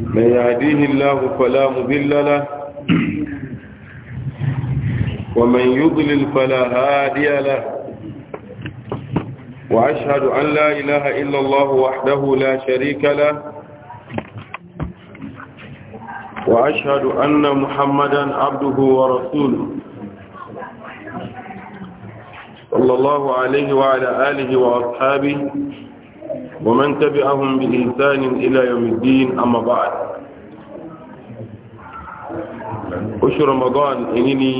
من يهديه الله فلا مضل له ومن يضلل فلا هادي له وأشهد أن لا إله إلا الله وحده لا شريك له وأشهد أن محمدا عبده ورسوله صلى الله عليه وعلى آله وأصحابه ومن تبعهم بإحسان إلى يوم الدين أما بعد oṣù ramadan èyí ni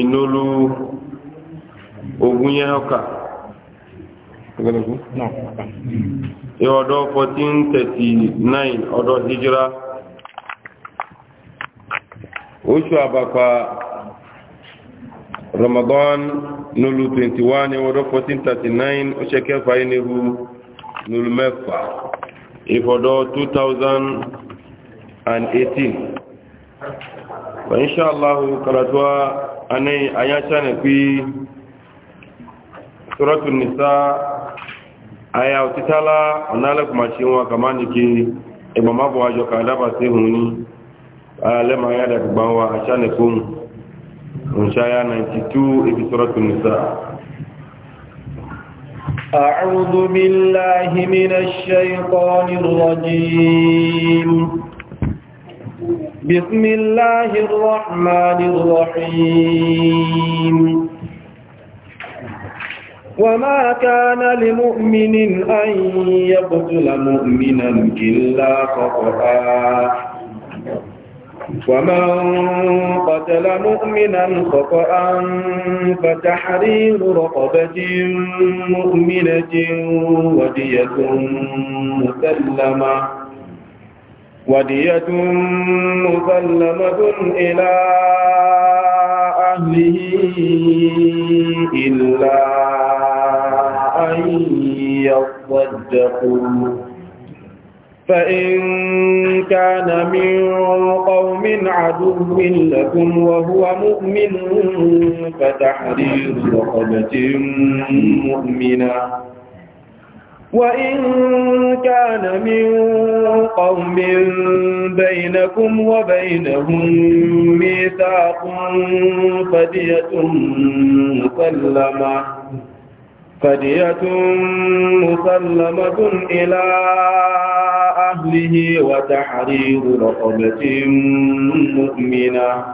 ìnolú ogun yẹn ọkà ọdọ́ 1439 ọdọ́ hijira oṣù àbàpà ramadan nolú 21 ọdọ́ 1439 oṣù kẹfà inú nulu mẹ́fà ìfọ̀dọ̀ 2018 wa insha Allah karatuwa anai ayyacha ne fi suratul nisa aya otitala onale kuma ci wọn kama ni ki ìgbàmábọ̀ àjọ kàdábà sí hun ní alẹ́mà ayádàgbà wa àṣánẹ̀kún òǹṣáyá 92 ibi suratul nisa أعوذ بالله من الشيطان الرجيم بسم الله الرحمن الرحيم وما كان لمؤمن أن يقتل مؤمنا إلا خطأ ومن قتل مؤمنا خطأ فتحرير رقبة مؤمنة ودية مسلمة ودية مسلمة إلى أهله إلا أن يصدقوا فإن كان من قبل من عدو لكم وهو مؤمن فتحرير رقبة مؤمنة وإن كان من قوم بينكم وبينهم ميثاق فدية مسلمة فدية مسلمة إلى أهله وتحرير رقبة مؤمنة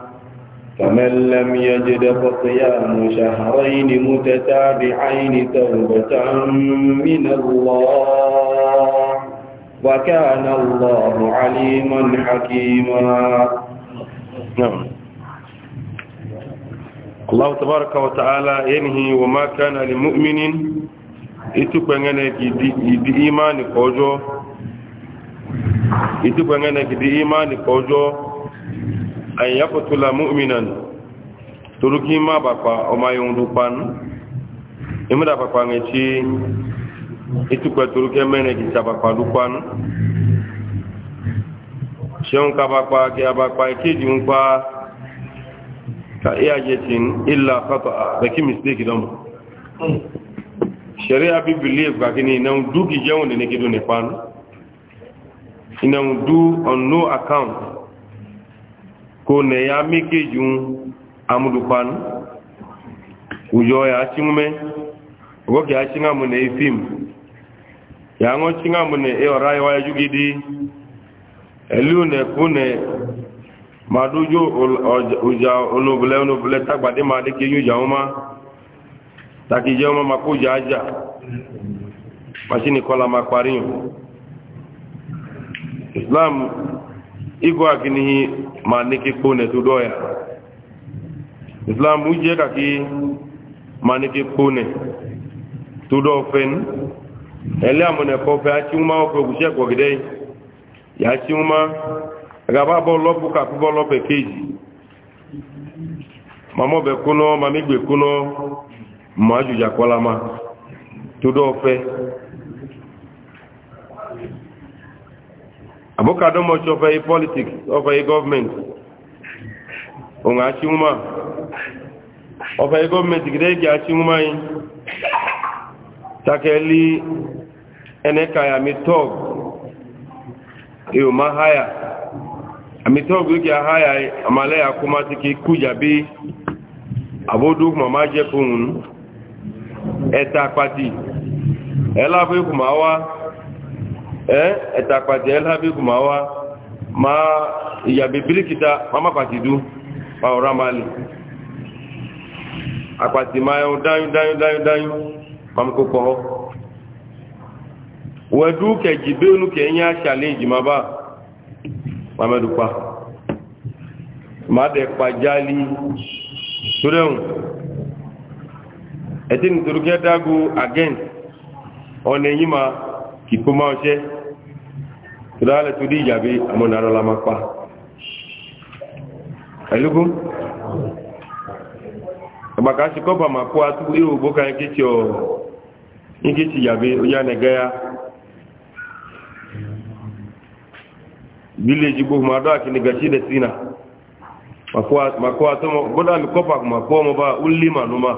فمن لم يجد فصيام شهرين متتابعين توبة من الله وكان الله عليما حكيما نعم الله تبارك wa ينهي وما كان لمؤمن itukwengene gidi imani kojo itukwengene gidi imani kojo an yaqtula mu'minan turuki ma bapa o ma yundu pan imda bapa ngechi itukwe turuke mene gidi bapa dupan sheun ka bapa ke bapa ke junpa ka iya jetin illa khata'a da ki mistake don sharia bi believe ka kini na du ki jawon ne ki do ne ina du on no account ko ne ya mi ke jun amudu pan ujo ya chimume go ki achi nga mu ne film ya ngo chinga mu ne e ora ya jugidi elu ne ku madojo ọjà onobulẹ onobulẹ tagbade ma adeke yóò jà wọn ma takijẹ wọn ma kó jà ájà masini kọla ma parí yàn islam igọ akinihi ma neke kpó nẹtó dọya islam ujẹ kaki ma neke kpó nẹ tó dọ fẹn ẹlẹ́ àmọ̀nẹ̀kọ́ fẹ́ àti wọn ma ọkọ̀ òkúṣẹ́ kọ̀gídẹ́ yìí yà á wọn ma. agaba bọọlụ ọbụ ka akụ bọọlụ bekee ji mama ọbẹ kụnọ mama igwe kụnọ ma ajụja kọla ma tụdụ todo abụkado abụka dọmọchi ọfe politiks ọfe gọọmenti onwe achị nwụma ọfe gọọmenti gide eji achị nwụma anyị takeli eneka ya mitọg eoma haya amitogo ki haya amale ya kuma tiki kuja bi abodu mama je fun eta pati ela bi eh eta pati ela ma ya bibili kita mama pati du pa oramali apati ma yo dayu dayu dayu dayu mam ko ko wedu ke jibenu ke nya challenge maba mamedupa madekpa jali turehun ẹtí nítorí kí ẹ dágó again ọ̀nà èyí ma kìkó máa ṣẹ́ tó dáálẹ̀ tó dí ìyàbí àmọ́nà àrọ́lá máa pa ẹlúgún ọgbàká ṣe kọ́bà máa kó atúgbò ìhòògbó kan kí ti ìyàbí ó yá nẹgẹ́yà village gbogbo eh? ma dọ́wà kìíní gàṣí da sínà makọ́wà tó mọ́ gbọ́dá mi kọ́pà kùmà kọ́ mọ́ bá ulé ma ló ma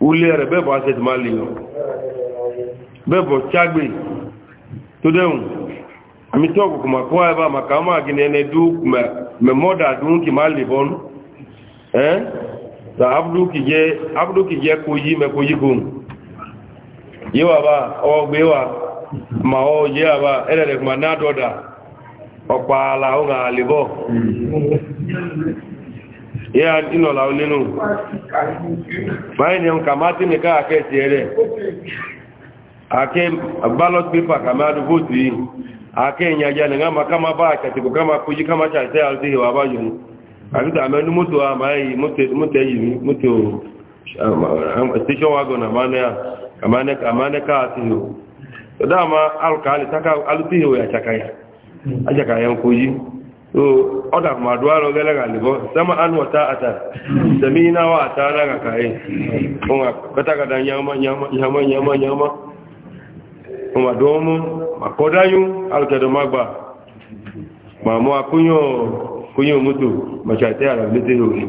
ulé rẹ̀ bẹ́ẹ̀ bọ́ asẹ́tì máa lè yọ bẹ́ẹ̀ bọ́ chágbé tó dẹ́hùn àmì tọ́ọ̀kù kùmà kọ́wà ẹbá me ọmọ àgìní ẹni dú mẹ́mọ́dà dún kì máa lè bọ́n ẹ́ ta abúdú kì jẹ́ kó yí mẹ́kó yí kó yíwà bá ọgbẹ́wà ma ọ yíwà bá ẹ̀rẹ̀ kùmà náà dọ́dà ọ̀pààlà ọ̀nà àlèbọ̀ yíya ìnọ̀lá onínú báyìí ka máa tí nìká àkẹ́ ti ẹ̀rẹ̀ àkẹ́ ballot paper kàmẹ́ adúgbòtù yìí àkẹ́ ma ká ma bá àkàtìkò ká ma kújí ká ma ṣàṣẹ́ àti ìwà báyìí ni àbíta àmẹ́nu mọ́tò àmáyí mọ́tò yìí mọ́tò station wagon ya àti ya. ajaka ya nkoji so ọda ma duwa lọ gẹ́lẹ́ ga libo sama an wata ata sami na wa ata na ga kaye kuma kata kada nyama nyama nyama nyama nyama kuma domo makodayu magba ma mo akunyo kunyo mutu machate ala lete ho ni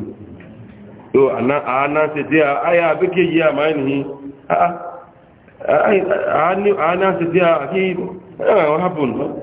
so ana ana se dia aya beke ya mani a a ana se a ki what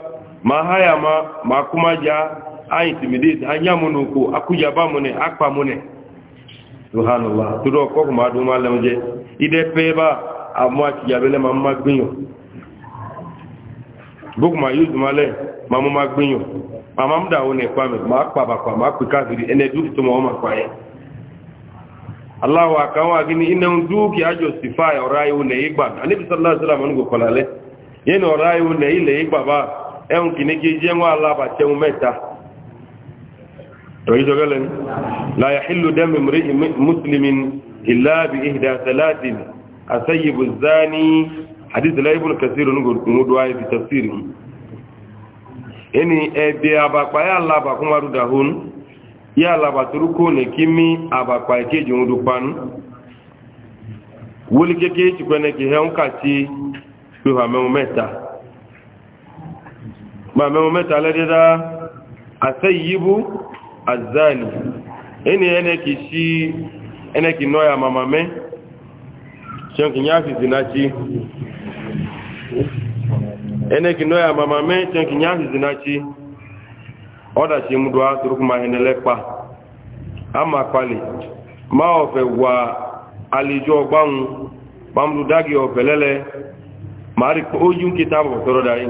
ma ha ya ma ma akụmaja a intimidate anya mụ n'ukwu akụjaba mụ ne akpa mụ ne subhanallah tụrụ ọkọkụ ma dụma lemje ide pe ebe a mụ akijabele ma mma gbinyo bụkụ ma yuzu male ma mụ ma gbinyo ma ma m dawo ne kwame ma akpabakwa ma akpikafiri ene dukitu ma ọ makwa ya Allahu akawa gini ina duki ajo sifaya ọra iwu ne igba anibi sallallahu alaihi wasallam ngo kolale yene ọra iwu ne ile igba ba ẹun kìíní kí jẹ́ wọ́n alába tẹun mẹ́ta tọ́yí tọ́gẹ́lẹ̀ ní láyé hìlú dẹ́mì muslimin ìlàbí ìhìdá salatin asayibu zani hadithu laibun kasiru ní gudu ayé fi tafsiri ẹni ẹ̀dẹ̀ àbàpá yà alába kún wàrú dahun yà alába turukó ní kí mi mẹ́ta ma mẹ́wọ́ mẹ́ta lẹ́dẹ́dá àtẹ́yìíbú àzáàlì ẹni ẹnẹ́kì sí ẹnẹ́kì náà màmà mẹ́ ṣẹ́nkì ní àfìsì náà ṣí ẹnẹ́kì náà màmà mẹ́ ṣẹ́nkì ní àfìsì náà ṣí ọ́dà ṣe mú dùá torúkùmá ẹnẹ́lẹ́pa a máa palẹ̀ máa ọ̀fẹ́ wà àlejò ọgbáhun pàmùlùdágì ọ̀fẹ́ lẹ́lẹ́ màá rí ojú kìtàbọ̀ tọ́rọ̀ dáyìí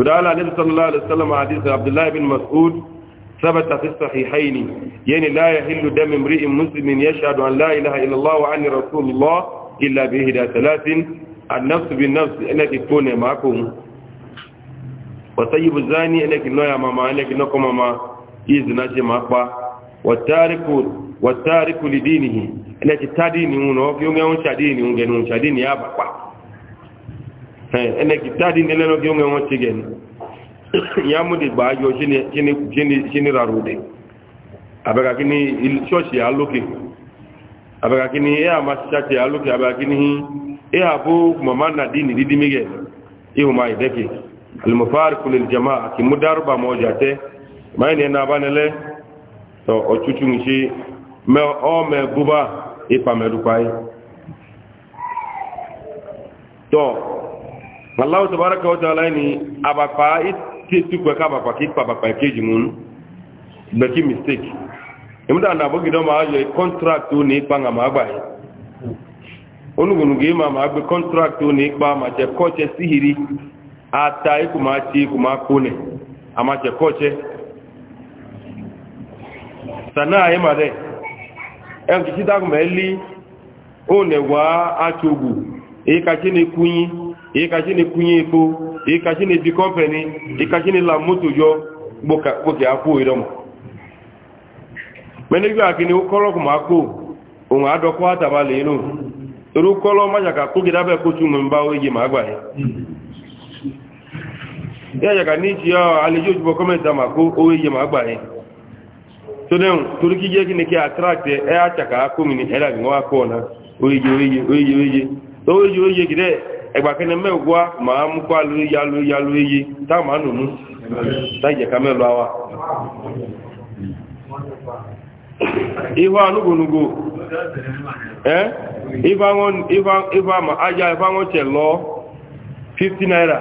ودعا النبي صلى الله عليه وسلم حديث عبد الله بن مسعود ثبت في الصحيحين يعني لا يحل دم امرئ مسلم يشهد أن لا إله إلا الله وعني رسول الله إلا بهدى ثلاث النفس بالنفس أنك تكون معكم وطيب الزاني أنك نويا ماما أنك نوكو ماما إذن أجي مأقبا والتارك والتارك لدينه أنك تدينه وفي يوم يوم شدينه ونشدينه يا بقى ene kitadi nele no gyo ngon chigen yamu di ba yo chini chini chini chini rarude abega kini church ya loke abega ya mashat ya loke abega kini ya bu mama na dini didi mige ihu mai deke al mufariq jamaa ki na aba to ochuchu nchi me o Allah tabaraka wa ta'ala ni abapa ite tukwe ka abapa ki pa abapa keji be ki mistake imda na bo gido ma ayo contract ni pa nga ma gba yi onugunu ge ma ma gbe contract ni pa ma je koche sihiri ata iku ma ti iku ma kone ama je koche sana ayi ma de en ki ti dagun me li o ne wa atugu e ka ni kunyin ikachi na-ekwunye ikpo ikachi na-ebi kọmpani ikachi ni ela moto yọ gboke akpo irọm mene gbe aki ni kọlọ kuma akpo òun adọkọ àtàbálẹ̀ inú irú kọlọ májàkà kó gidá bẹ́ẹ̀ kó túnmù ń bá ó yé ma gbà yẹn yájàkà ní ọ àlejò òjúbọ kọmẹta mà kó ó yé màá gbà yẹn tó dẹ́hùn torí kí jẹ́ kí ni kí attract e, e ẹgbàkẹ́ni a ma ń kọ́ alóyáló yáló eyi táàmà nùnú táìjẹ̀ká mẹ́lọ àwà ihò anúgbònúgbò ẹ́ ajá ifá wọn tẹ̀ lọ 50 naira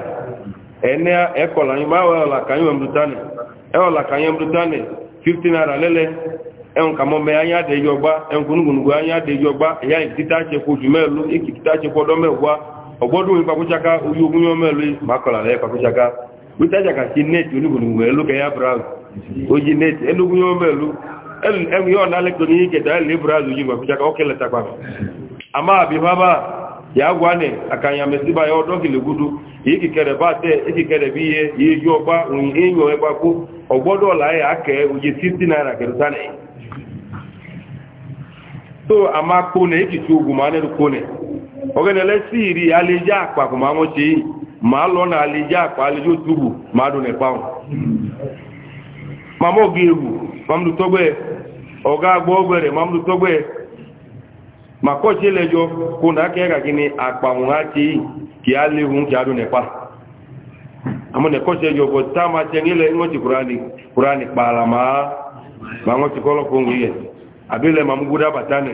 ẹ̀nẹ́ ẹ̀kọ̀lá yìí máa wọ́n ọ̀làkàyìn ọmọdútánì ẹ̀ọ̀làkàyìn ọmọdútánì 50 naira lẹ́lẹ́ ẹ̀hùn kàmọ́ mẹ́ ayé àdéjọgbá ẹ̀hùn ayé ẹ̀yà ọgbọ́dún ní papúṣaká orí ogun yọ mẹ́lú makọ̀lá lẹ́ papúṣaká wítàjàkà sí nẹ́ẹ̀tì onígbònùgbò ẹlúkẹ̀yà brown ó yí nẹ́ẹ̀tì ẹlúgun yọ mẹ́lú ẹmù yọ nálẹ́tọ̀ ní kẹta ẹlẹ́ brown yí papúṣaká ọkẹlẹ̀ takpa àmà àbífábà yàgwà ní àkànyàmẹ́síbà yọ dọ́kìlẹ̀ gudu yìí kìkẹrẹ bá tẹ ìkìkẹrẹ bí yẹ yìí yọ ọgbà òyìn èèyàn ẹgbà kó naira ogenele siri alija akpa ko ma mochi ma lo na alija akpa alijo tubu ma do ne pawo ma mo gewu ma mdu togbe oga gbo gbere ma mdu togbe ma ko chi lejo ko na ke ga gini akpa won ati ki ale hun ki ado ne pa amo ne ko se yo bo ta ma che ni le ngo ti qurani qurani pa la ma ma ngo ti kolo ko abile ma mguda batane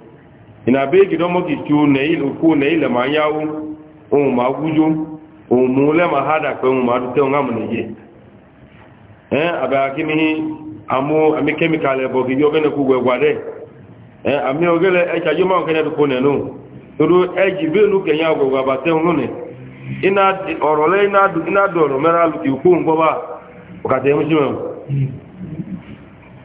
ina be gido mo ki tu ne ilu ku ne ile ma yawo ohun ma gujo ohun mu le ma hada pe ohun ma du te ngam ne ye eh aba kimi amu ami chemical e bo ki yo gene ku gwe gwade eh ami ogele e cha juma kene du ku ne no toro e ji be lu kenya gwe gwa ba te ohun ne ina oro le ina du ina do ro mera lu ki ku ngo ba o ka te mu ji mo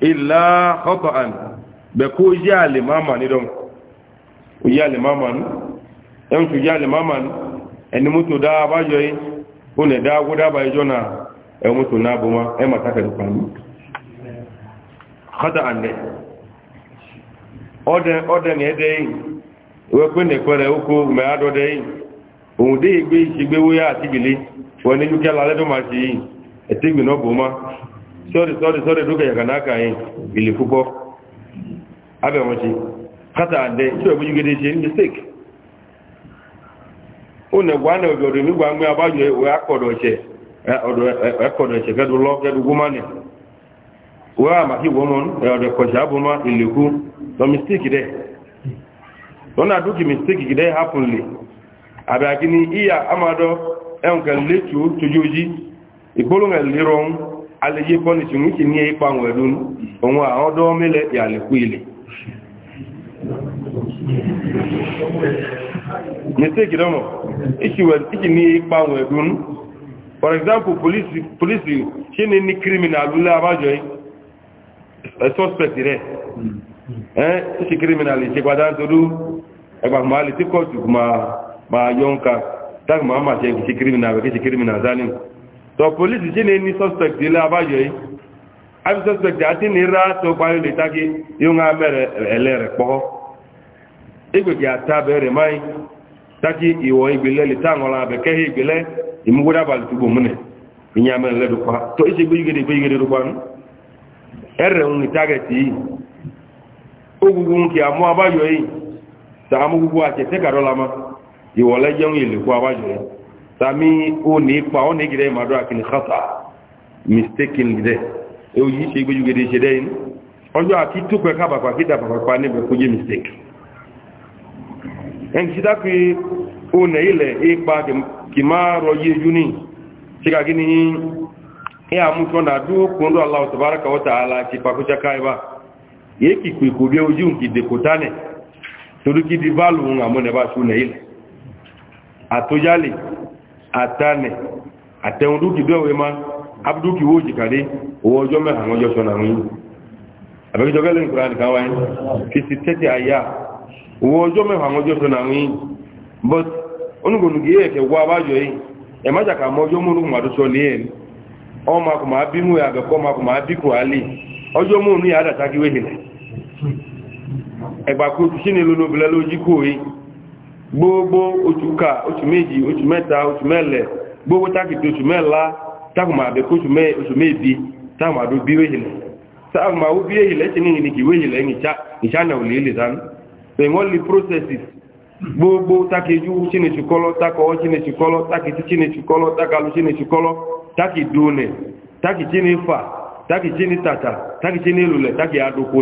illa khata'an be ko ya limama ni don o ya limama ni en tu ya limama ni en mutu da ba yo yi o ne da guda ba yo na e mutu na bu ma e mata ka dukan ni khata'an ne ode ode ne de we pe ne pere oko me ado de ohun de igbe isegbewo ya àti ìgbèlé wọn ni yúkẹ́ lálẹ́dọ́ máa ṣe yìí ẹ̀tẹ́gbẹ̀ náà bò máa sorry sorry sorry duka ya kanaka yin bilikuko abe wace kata ande so ebu yuge de je mistake o ne gwa na ojodo mi gwa ngwa abajo we kodo che odo akodo che gadu e, e, e, lo gadu gumane we ama ki womon e odo ko jabu ma iliku no mistake de ona duki mistake gide happenly abe akini iya amado en kan lechu tujuji ikolunga liron alẹ́yé pọ́nìtì mú kì ní ipa àwọn ẹ̀lú ohun àwọn ọdọ́ mílẹ̀ ìyàlẹ̀kú ilẹ̀ mistake dọ́mọ̀ ìkì ní ipa àwọn ẹ̀lú for example polisi ṣe ní ní criminal lulẹ̀ abájọ́ suspect rẹ̀ criminal lè tọ polisi ṣe ní ní suspect ilé abájọ yìí àbí suspect àti nira tó parí lè tákì yóò ń amẹ́rẹ̀ ẹlẹ́rẹ̀ pọ́ ìgbèkè àtàbẹ̀rẹ̀ máa ń tákì ta ìgbèlẹ̀ lè táwọn abẹ̀kẹ́ ìgbèlẹ̀ ìmúgbódàbàlì túbò múnẹ̀ ìyẹn amẹ́rẹ̀ lẹ́dùpá tó ìṣe gbéjìgèdè gbéjìgèdè dùpá nù ń ní yìí abájọ yìí gbogbo abájọ yìí sami o ni pa o ni gire ma do akini khata mistaken gire e o yi se gbeju gede se deyin ojo ati tu pe ka papa kita papa pa ni be ko je mistake en kita ki o ne ile e pa ki ma ro ye juni ti ka gini e amu to na du kun do allah tabaaraka wa ta'ala ti pa ko chakai ba ye ki ku ko be oju ki de ko tane toruki di balu ngamone ba su ne ile atojale atane atẹun dúkì dọ́wẹ́ ma abdúkì wó jìkàdé owó ọjọ́ mẹ́ta àwọn ọjọ́ sọ́nà wọ́n yìí àbẹ́kẹ́jọ́ gẹ́lẹ́ ìkúrà nìkan wáyé fisi sí tẹ́tẹ́ àyà owó ọjọ́ mẹ́ta àwọn ọjọ́ sọ́nà wọ́n yìí but onígbònú kì í ẹ̀kẹ́ wọ abájọ yìí ẹ̀ má jàkà mọ́ ọjọ́ múnú kùmà tó sọ lé ẹ̀ ọmọ akùmà bínú ẹ̀ àbẹ̀kọ́ ọmọ akùmà bíkù alẹ́ ọjọ́ múnú yà gbogbo oṣù ká oṣù méjì oṣù mẹ́ta oṣù mẹ́lẹ̀ gbogbo tákìtì oṣù mẹ́la tákùmà àbẹ̀kọ́ oṣù mébi táwọn àdó bí wéhìlẹ̀ táwọn àwọn bí wéhìlẹ̀ ṣe ní ìrìnkì wéhìlẹ̀ ìṣànà ò léèlè dánú ẹ̀wọ́n lè processes gbogbo tákìjú ṣínìṣù kọ́lọ́ tákọ̀ọ́ ṣínìṣù kọ́lọ́ tákìtì ṣínìṣù kọ́lọ́ tákàlù ṣínìṣù kọ́lọ́ tákìdónẹ̀ tákìṣínìfà tákìṣínìtàtà tákìṣínìlùlẹ̀ tákìadókòó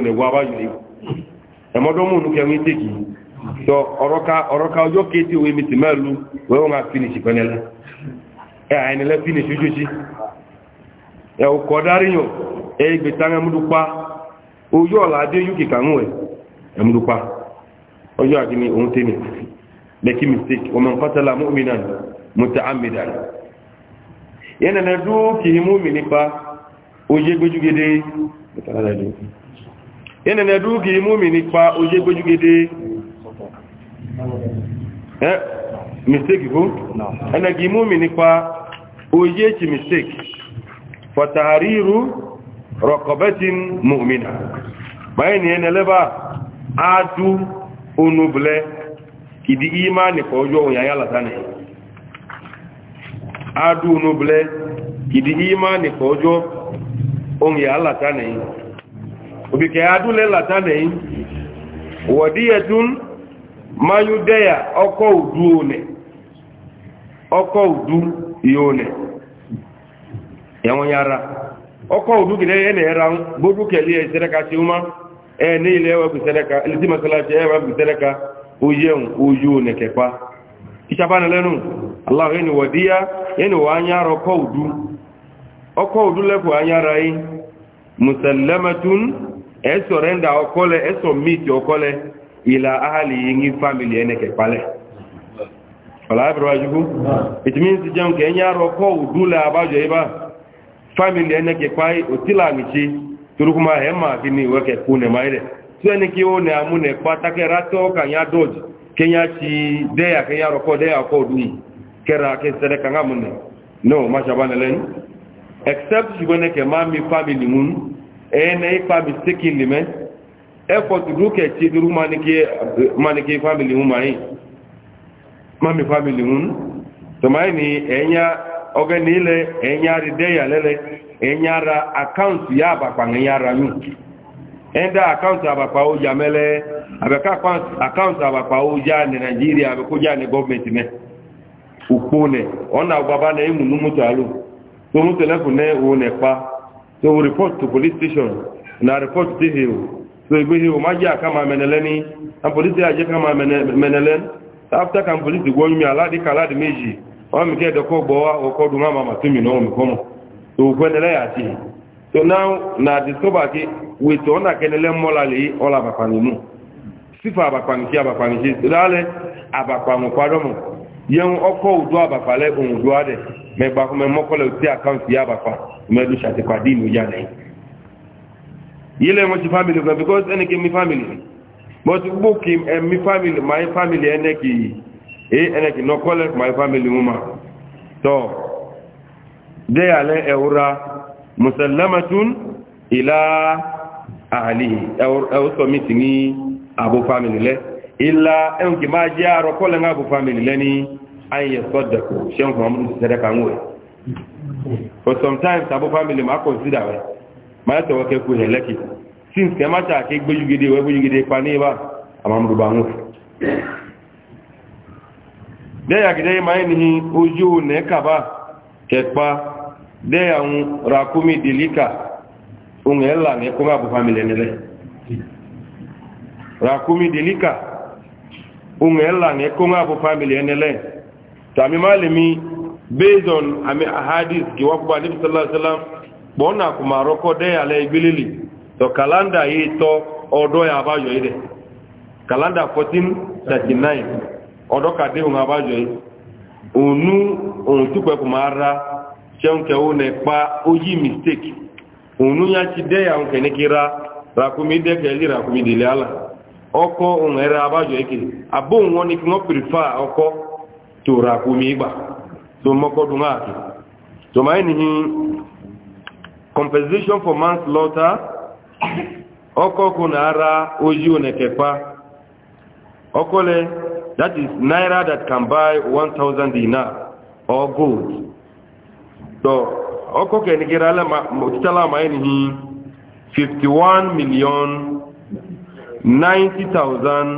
so oroka oroka ojo keti we miti melu we won finish panela e ani le finish ujuji e o kodari yo e gbe tanga mudupa ojo la de yuki kanwe e mudupa ojo adini on temi leki mistake o man qatala mu'minan muta'ammidan yana na duki mu'mini pa oje gbejugede yana na duki mu'mini pa oje gbejugede eh mistake ko ana gi mu'mini kwa oye chi mistake fa tahriru raqabatin mu'mina bayani ene leba adu onuble kidi imani kwa ojo oyayala tane adu onuble kidi imani kwa ojo oyayala tane obike adu le latane wadiyatun mayudeya ọkọ udu one ọkọ udu yone ẹwọn yara ọkọ udu gidẹ yẹn ẹra gbogbo kẹlẹ ẹ sẹrẹka ṣe wọn ẹ ní ilẹ ẹwà kù sẹrẹka ẹlẹtí masalasi ẹwà kù sẹrẹka oyẹun oyu one kẹpa ìṣàbánilẹnu aláwọ yẹn ni wọdíyà yẹn ni wọ anyara ọkọ udu ọkọ udu lẹkọọ anyara yìí musalẹmẹtun ẹ sọrẹnda ọkọlẹ ẹ sọ ila ahali yingi family ene ke pale wala bro ajugu it means jam ke nyaro ko udula abajo iba family ene ke pai otila ngichi turukuma hema kini weke kune maile tuene kione amune pata ke rato ka nya doji kenya chi de ya ke yaro ko de ya ko dui kera ke sere kanga munne no mashabana len except jugone ke mami family mun ene ipa mistakenly men effort duke ci duru manike manike family hun mai mami family hun to mai ni enya ogenile enya ride ya lele enya ra account ya ba pa enya ra yun enda account aba pa o jamele abeka account account aba pa o ya ni Nigeria abe ko ja ni government me upone ona baba na imu numu talu to mu telephone ne ne pa to report to police station na report to hill so egbehi o ma ji akama ma menele ni na polisi ka ma menele afta ka polisi gwo nyumi ala ka ala dị meji ọ mi ke dọkọ gbọwa ọkọ duma ma matumi na omi kọmọ so kwenele ya ti so now na discover ki wetu ọ na kenele mmọla le ọla abakwani mu sifa abakwani ki abakwani ki so dale mu yẹn ọkọ lẹ ohun adẹ mẹgbàkọ ya abakwa mẹdu yílẹ̀ wọn ti family kan because ẹni kí mi family but gbogbo kí mi family my family ẹni kì í ẹni kì náà collect my family mu ma tọ́ déyàlẹ́ ẹ̀wúra musallamatun ilá àhàlì ẹ̀wúsọ mi ti ní àbò family lẹ́ ilá ẹ̀hùn kì máa jẹ́ àrọ̀ kọ́lẹ̀ ní àbò family lẹ́ ní ayẹyẹ sọ́dẹ̀kù ṣẹ́hùn fún amúlùsí sẹ́dẹ̀kà ń wẹ̀ but sometimes àbò family ma consider rẹ̀ ma ta wake ku helaki since ke mata ke gbeju gede we gbeju gede pa ni ba amam du ba ngu de ya gede ma ni oju ne ka ba ke pa de ya un rakumi dilika un ella ne ko ba family ne le rakumi dilika un ella ne ko ba family ne le tami malimi based on ami ahadith ki wa ba nabi sallallahu alaihi wasallam kpọọ na akụmarọkọ de ala igbelili tọ kalanda yi tọ ọdọ ya abayọ yi dẹ kalanda 1439 ọdọ ka de ohun abayọ yi onu ohun tukpẹ kumara sẹunkẹwo na kpa oyi mistake onu ya ti de ya nke ne kira rakumi de kẹli rakumi deli ala ọkọ ohun ẹrẹ abayọ ike abo ohun wọn ni kí wọn prefer ọkọ to rakumi gba to mọkọdun aaki tọmọ compensation for manslaughter ọkọ̀kù náírà ojú onẹ̀kẹ̀pá ọkọ̀lẹ̀ that is naira that can buy one thousand dinar or gold so ọkọ̀kẹ̀ nìkẹ̀rẹ̀ alẹ́mọ̀títàlá máa ní one million ninety thousand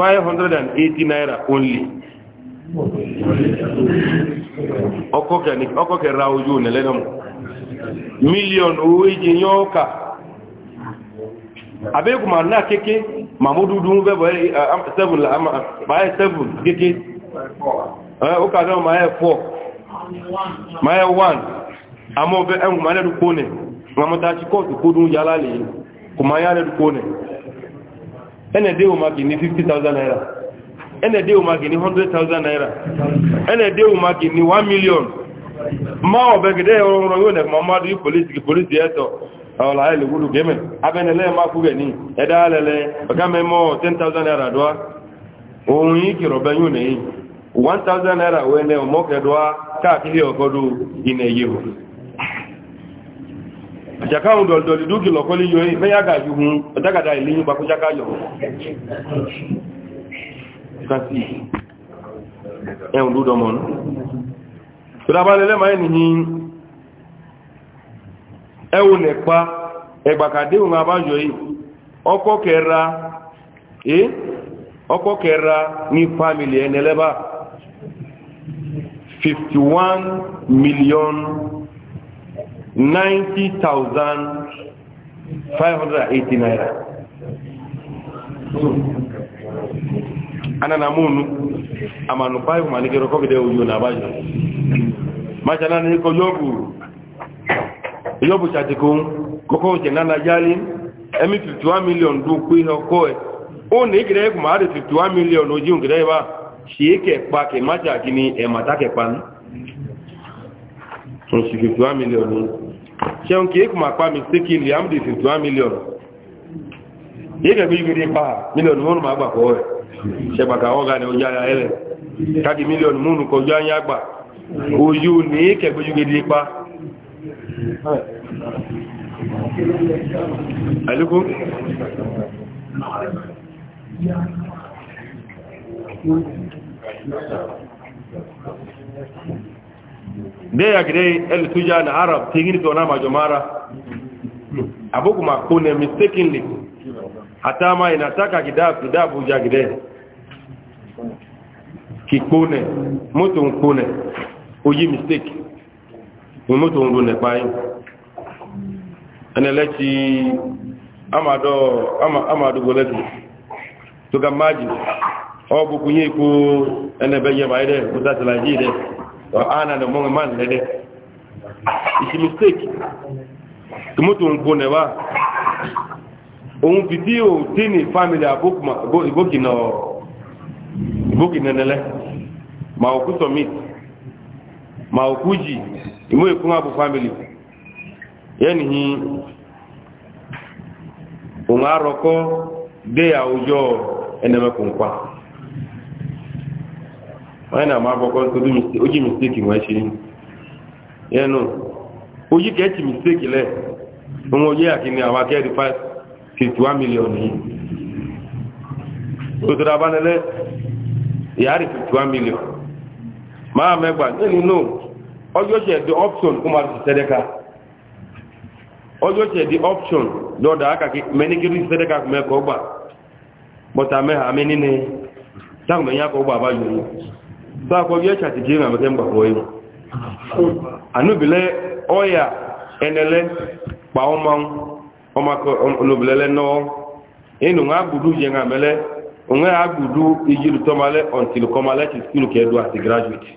five hundred and eighty naira only ọkọ̀kẹ̀ ra ojú onẹ̀lẹ́dọ̀mù mílíọ̀nù owó ìjẹ yán ọkà abẹ́kù ma náà kéèké mahmududu ń bẹ́bọ̀ 7 kéèké ọkà náà ma ẹ̀ 4 ma 1 àmọ́ ọbẹ̀ ẹ̀hùn ma lẹ́dù kó nẹ̀ mamata ti kọ́ọ̀tù kó dún yálà lè kò ma yá lẹ́dù kó nẹ̀ ma obegide ororo yo e ne ma madu yi polisi ki polisi eto ọla ile wulu geme abenele ma kuge ni ẹda e alele ọkame mo 10,000 naira doa ohun yi kiro ben yi ne yi 1,000 naira we ne omoke doa káàkiri ọkọdọ ilẹ̀ yíò àjàká ohun dọ̀lọ̀dọ̀lì dúkì lọ̀kọ́ líyọ mẹ́yàgà yìí ọ̀dágàdà ilé yìí bakújáká yọ ẹ̀hùn lúdọ̀mọ̀nù tụrabalele ma anyị n'ihi ewu na ekpa egbakadị ụnụ abajọghị ọkọ kera ee ọkọ ní family eneleba 51 million 90,580 naira ana na na masana ni ko yobu yobu chati kun koko je nana jali emi 51 million du ku ho ko e o ni gire ku ma 51 million oji un gire ba shike pa ke maja gini pan so 51 million ni se on ke ku ma pa million ye ga bi gire pa million mo ma gba ni o ja ya ele ka di million mu nu ko ojú ní kẹgbẹ́jú gidi pa alúkú dẹ́yà gidẹ́ ẹlùtújá na arab tí gírí tó náà majọ mara abúkùnmà kó nẹ mistakenly àtàmà ìnàtàkà gidá àbújá gidẹ́ kìkó nẹ mọ́tò ń kó nẹ oyi mistake mo moto ŋgo ne kpa yi ene le tsi ama dɔ ama ama dogo le tu to ka maaji ɔ buku yi ko ene bɛ yɛba yi dɛ ko ta sila yi dɛ ɔ ana ne mɔŋɛ man lɛ dɛ isi mistake to moto ŋgo ne wa òun fìdí o tini family abokuma iboki nɔ iboki nɛnɛ lɛ ma o kusɔ miiti ma okuji imu ikun abu family yẹni hi òun arọkọ dé àwùjọ ẹnẹmẹkùnkwa wọn yẹn na ma gbọkọ nítorí ojú mistake wọn ṣe yẹnu ojú kẹẹtì mistake lẹ òun ojú àkíní àwọn akẹ́rì five fifty one million yìí tòtòrò abánilẹ ìyá rí fifty one million. máa mẹ́gbà nínú náà ọjọ́ ṣe di option kó máa ti sẹ́dẹ́ka ọjọ́ ṣe di option lọ́dà ákàkí mẹ́nìkiri sẹ́dẹ́ka kò mẹ́kọ̀ọ́ a bọ́tà mẹ́hà mi nínú táwọn mẹ́yìn akọ̀ gbà bá yòó sáà kọ́ yẹ́ ṣàtìjì ìjìlù tọ́malẹ́ ti àti graduate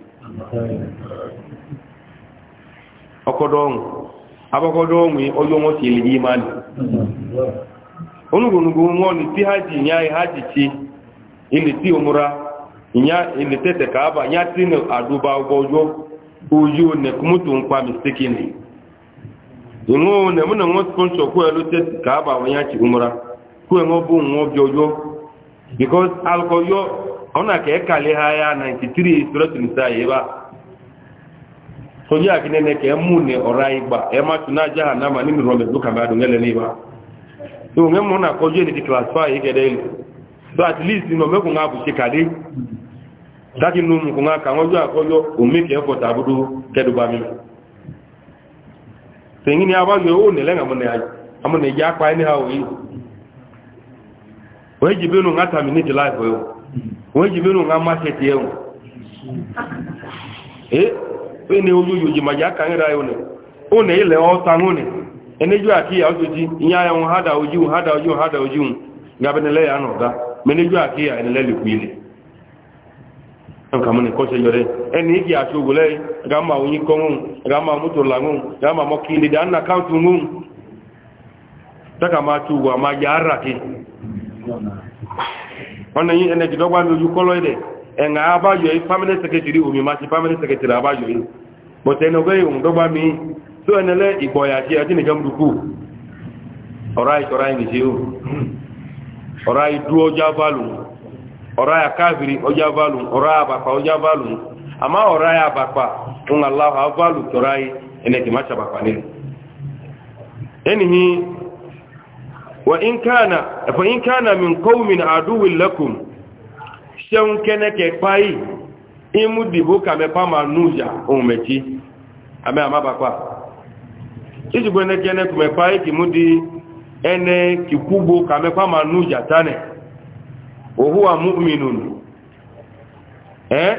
ọkọdọ́ọ̀mù abọ́kọdọ́ọ̀mù ọjọ́ wọn ti lè yí máa onúgbònúgbò wọn ni tí hajji ìyá ìhajji ti ilẹ̀ tí òmúra ìyá ilẹ̀ tẹ́tẹ̀ káàbà ìyá tí ní àdúbà ọgbọ́jọ́ ojú nẹ̀kúmútò ń pa mistakenly ìwọ̀n nẹ̀múnà wọn sponsor kó ẹ ló tẹ́tẹ̀ káàbà wọn yá ti òmúra kó ẹ wọn bó wọn bí ọjọ́ because alcohol ona ke kale haya 93 suratul nisa yeba koji akine ne ke mune orai ba, e ma tuna jahannama ni robe duka ba dungele ni ba so ngem mona koji ni classify ke dele so at least no meku ngabu shikade taki num ku ngaka ngojo akoyo umike effort abudu kedu ba mi tengini abayo o ne lenga mona ayi amone ya kwa ni hawo yi wejibe no ngata minute life yo wọ́n jì mínú ńlá mákẹ̀tì ẹ̀wọ̀n ẹ́ pé ní ojú yòjì màjá kàríra ẹ̀wọ̀n ọ̀nà ilẹ̀ ọ̀tàn ọ̀nà ẹnẹ́jú àti ìyà ojújí ìyá ẹ̀wọ̀n hádà ojú hádà ojú hádà ojú gabinilẹ̀ yà nọ̀dá mẹ́nẹ́jú àti ìyà ẹ̀nẹ́lẹ́ lè kúilé nǹkan mọ́ni kọ́ṣẹ́ yọrẹ ẹni ìkì àti ògùlẹ̀ gàmà oyin kọ́hún gàmà mọ́tò làwọn gàmà mọ́kì ní dáná káńtù wọn tẹ́ka máa tu wà máa yà á rà wannan yin energy don wani yi kolon ne en a ba yi family secretary omi ma family secretary a ba yi bo te no gai un doba mi so en le igbo ya ti ati ni jam duku orai orai ni jiu orai duo javalu orai akaviri o javalu orai abapa o javalu ama orai abapa un allah avalu torai en e ti macha bapa ni enihi wa in kana fa in kana min qaumin aduwwin lakum shan keneke pai imu dibo kame pa manuja umechi ame amaba kwa ijigbo ne kene kume pai kimudi ene kikubo kame pa manuja tane wa huwa mu'minun eh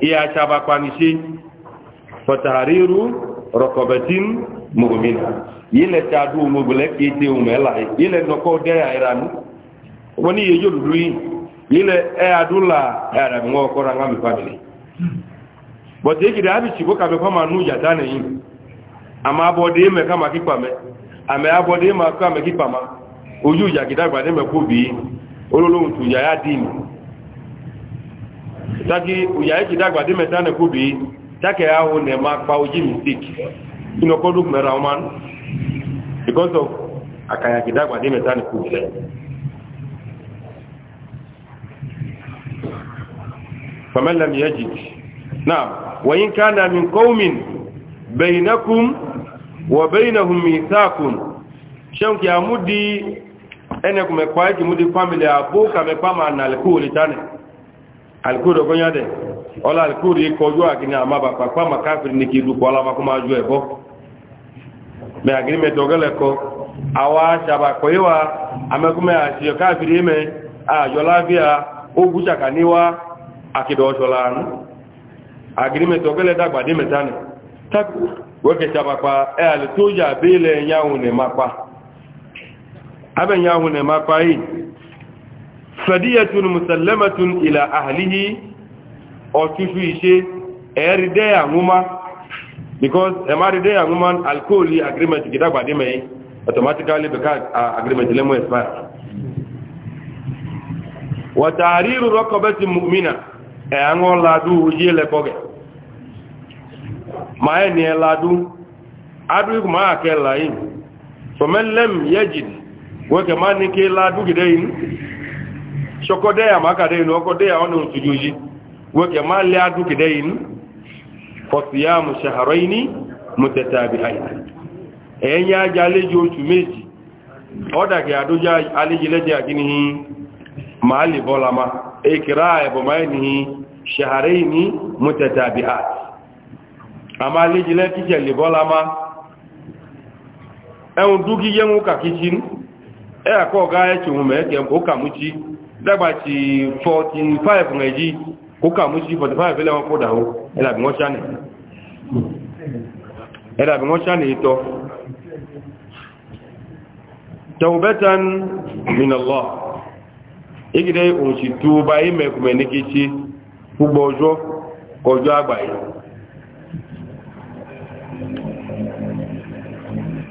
ya chaba kwanishi fatahriru rakabatin mu'mina yile ta du mo bele ki te o mela yile no ko de ya ira mu woni ye yo lu yi yile e adula era ngo ko ranga mi family but e kida abi chibo ka be fama nu ya tane yi ama abode me kama kipa me ame abode ma ka me kipa ma oju ya kida gba de me ko bi taki uya e kida gba de me tane ko bi take ya ho ne ma pa mistake ino ko du mera o man because of akanyakidagba ní mẹ́ta ní kùbìlẹ̀ fàmẹ́lẹ̀ mi yẹ́jì náà wọ́yí ká náà mi kọ́wùmín bẹ̀yìnakùn wọ̀ bẹ̀yìnahùn mi sáàkùn ṣeun kí a mú di ẹnẹkùn mẹ́kọ́ ayé kí mú di fámìlì àbókà mẹ́pá máa nà alìkúrò lè tánẹ̀ alìkúrò ọgọ́nyádẹ̀ ọlá alìkúrò yìí kọjú àkíní àmàbàpàpá makáfìrí ní kí ìdúkọ́ ọlá mɛ agirimɛ dɔgɛlɛ kɔ awa saba kɔye wa amɛkumɛ asiyɔ káfiri mɛ ayɔlafiya ogusakani wa akidɔsɔla nu agirimɛ dɔgɛlɛ dagbadi mɛ tani taku wɛkɛ saba kpa ɛ e ali tóya abeelɛ nyahu nɛ ma kpa abɛ nyahu nɛ ma kpa yi fɛdiyɛtun musalɛmɛtun ila ahalihi ɔtutu ise ɛɛri dɛ ya ŋuma because ẹ̀márí dé àwọn ọmọ alcoholi agreement gidagba dé mẹ́yìn automatically because uh, agreement lẹ́mú expire wàtà àríru rọ́kọ̀bẹ́tì mùmínà ẹ̀ àwọn ládú ojí ẹlẹ́kọ́gẹ̀ máa ẹni ẹ ládú adúgbò máa kẹ láyé fọmẹ́lẹ́m yẹ́jì wọ́kẹ̀ máa ní kí ládú gidẹ́ inú ṣọkọ́dẹ́yà máa kàdẹ́ inú ọkọ́dẹ́yà ọ̀nà òtùjú yìí wọ́kẹ̀ máa lé adú gidẹ́ inú fọ̀síyàmù ṣàhàrọ̀ ní mùtẹ̀tàbíháìtì ẹ̀yìn ajá aléjì oṣù méjì ọ́dàkì lè bọ́la ma èkìrá ẹ̀bọ̀máìnihí ṣàhàrọ̀ ní mùtẹ̀tàbíháìtì àmá aléjì lẹ́kíṣẹ̀ lè bọ́la ma ẹ̀hùn dúkí yẹ́mú kàkíṣí ẹ̀ àkọ́ ọ̀gá kókà mú sí 45 fẹ́lẹ́ wọn kódà ó ẹ̀làbí wọ́n ṣáàni ìtọ́ tawbatan min Allah igide òun sì tó bá ìmẹ̀kùnmẹ̀ ní kí ṣe gbogbo ọjọ́ kọjọ́ àgbàyé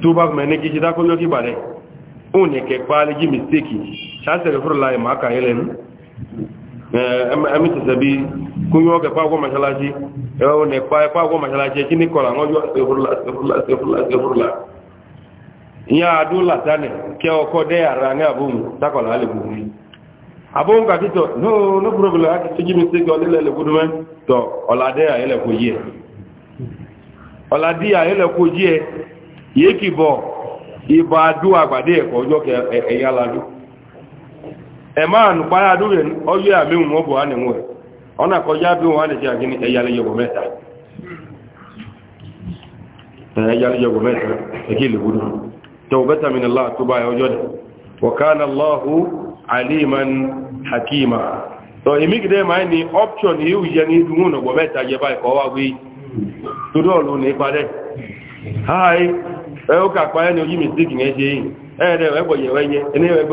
tó bá kùnmẹ̀ ní kí ṣe dákọjọ́ kí bàlẹ̀ ẹmí tẹ̀sẹ̀ bí kúnyọ́ kẹfà ọgbọ́n masalasi ẹwọ́n nẹ̀pá ẹfà ọgbọ́n masalasi ẹkí ní kọ̀lá wọ́n jọ ẹfúrúlá ìyá adó látánẹ̀ kẹ ọkọ̀ dẹ́ ara ní àbóhùn tákọ̀lá alẹ́gbùn rí àbóhùn kàkítọ̀ no no problem a kì í tójú mi sí kọ nílẹ̀ lẹ́kùn mẹ́ tọ ọ̀làdẹ́ àyẹ́lẹ̀kọ̀ yí ẹ̀ ọ̀làdí àyẹ́lẹ̀kọ̀ yí ẹ̀ yéèkì bọ̀ ìbọ̀ adó àgbàdé ẹ̀kọ́ ọjọ́ kẹ ẹ̀yà ládùn ẹ̀máà nùpá adúrẹ̀ ọyọ́ àmìhùn wọ́n bọ̀ ánìwò ẹ̀ ọ́nà kọjá bí wọ́n lè jẹ́ àgíní ẹ̀yàlẹ́yẹ̀wò mẹ́ta ẹ̀yàlẹ́yẹ̀wò mẹ́ta ẹ̀kí lè gúdù tẹ̀wọ̀bẹ́ta mìnàlá tó bá ọjọ́ dẹ̀ wọ̀kánà lọ́hù aliman hakima tọ èmi gidẹ máa ní option yíò yẹ ní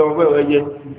mẹ́ta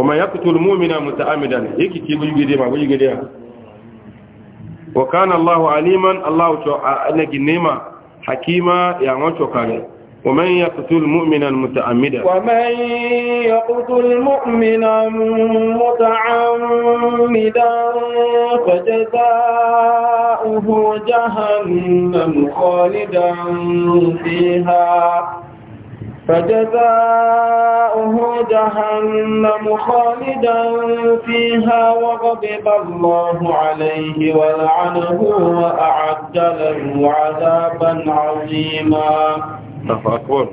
وما يقتل مؤمنا متعمدا يكي بيجي ما بيجي دي وكان الله عليما الله انك نيما حكيما يا وانتو كان ومن يقتل مؤمنا متعمدا ومن يقتل مؤمنا متعمدا فجزاؤه جهنم خالدا فيها فجزاؤه جهنم خالدا فيها وغضب الله عليه ولعنه وأعد له عذابا عظيما أكبر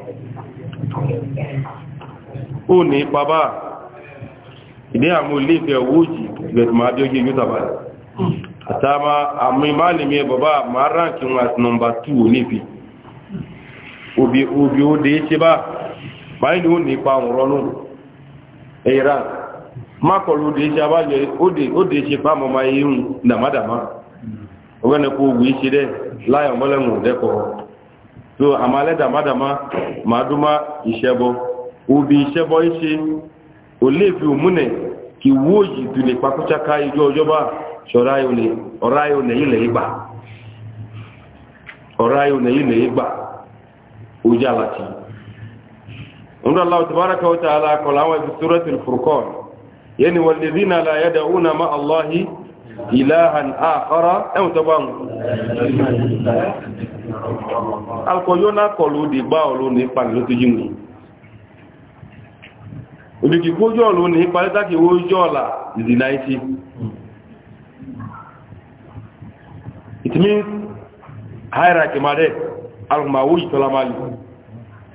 Oni bàbá, ìdí àmú ilé ìfẹ́ owó jì gbẹ̀rùn máa bí ó yé yóò Àtàmà àmì máa lè mẹ́ bàbá máa ránkì wọn àti nọmbà 2 onífẹ́. obi ụdị echebe a ma anyị na ikpe anwụrụ ọnụ iran makọrọ ụdị eche abalị ụdị echekwa amụma ihu na madama ogenekwa ogwu iche de laya omele nwụrụ dekọrọ so amaleda madama ma duma isebo obi isebo iche omune ki ọjọba ujalati umra allah tabaraka wa taala qala wa fi surati al-furqan yani walladhina la yad'una ma allah ilahan akhara aw tabam alkoyona kolu di gba olu ni pa lo tujimu odiki kojo ni pa ki wojo la is it means hierarchy made alùmọ̀wó ìtọ́lámàlì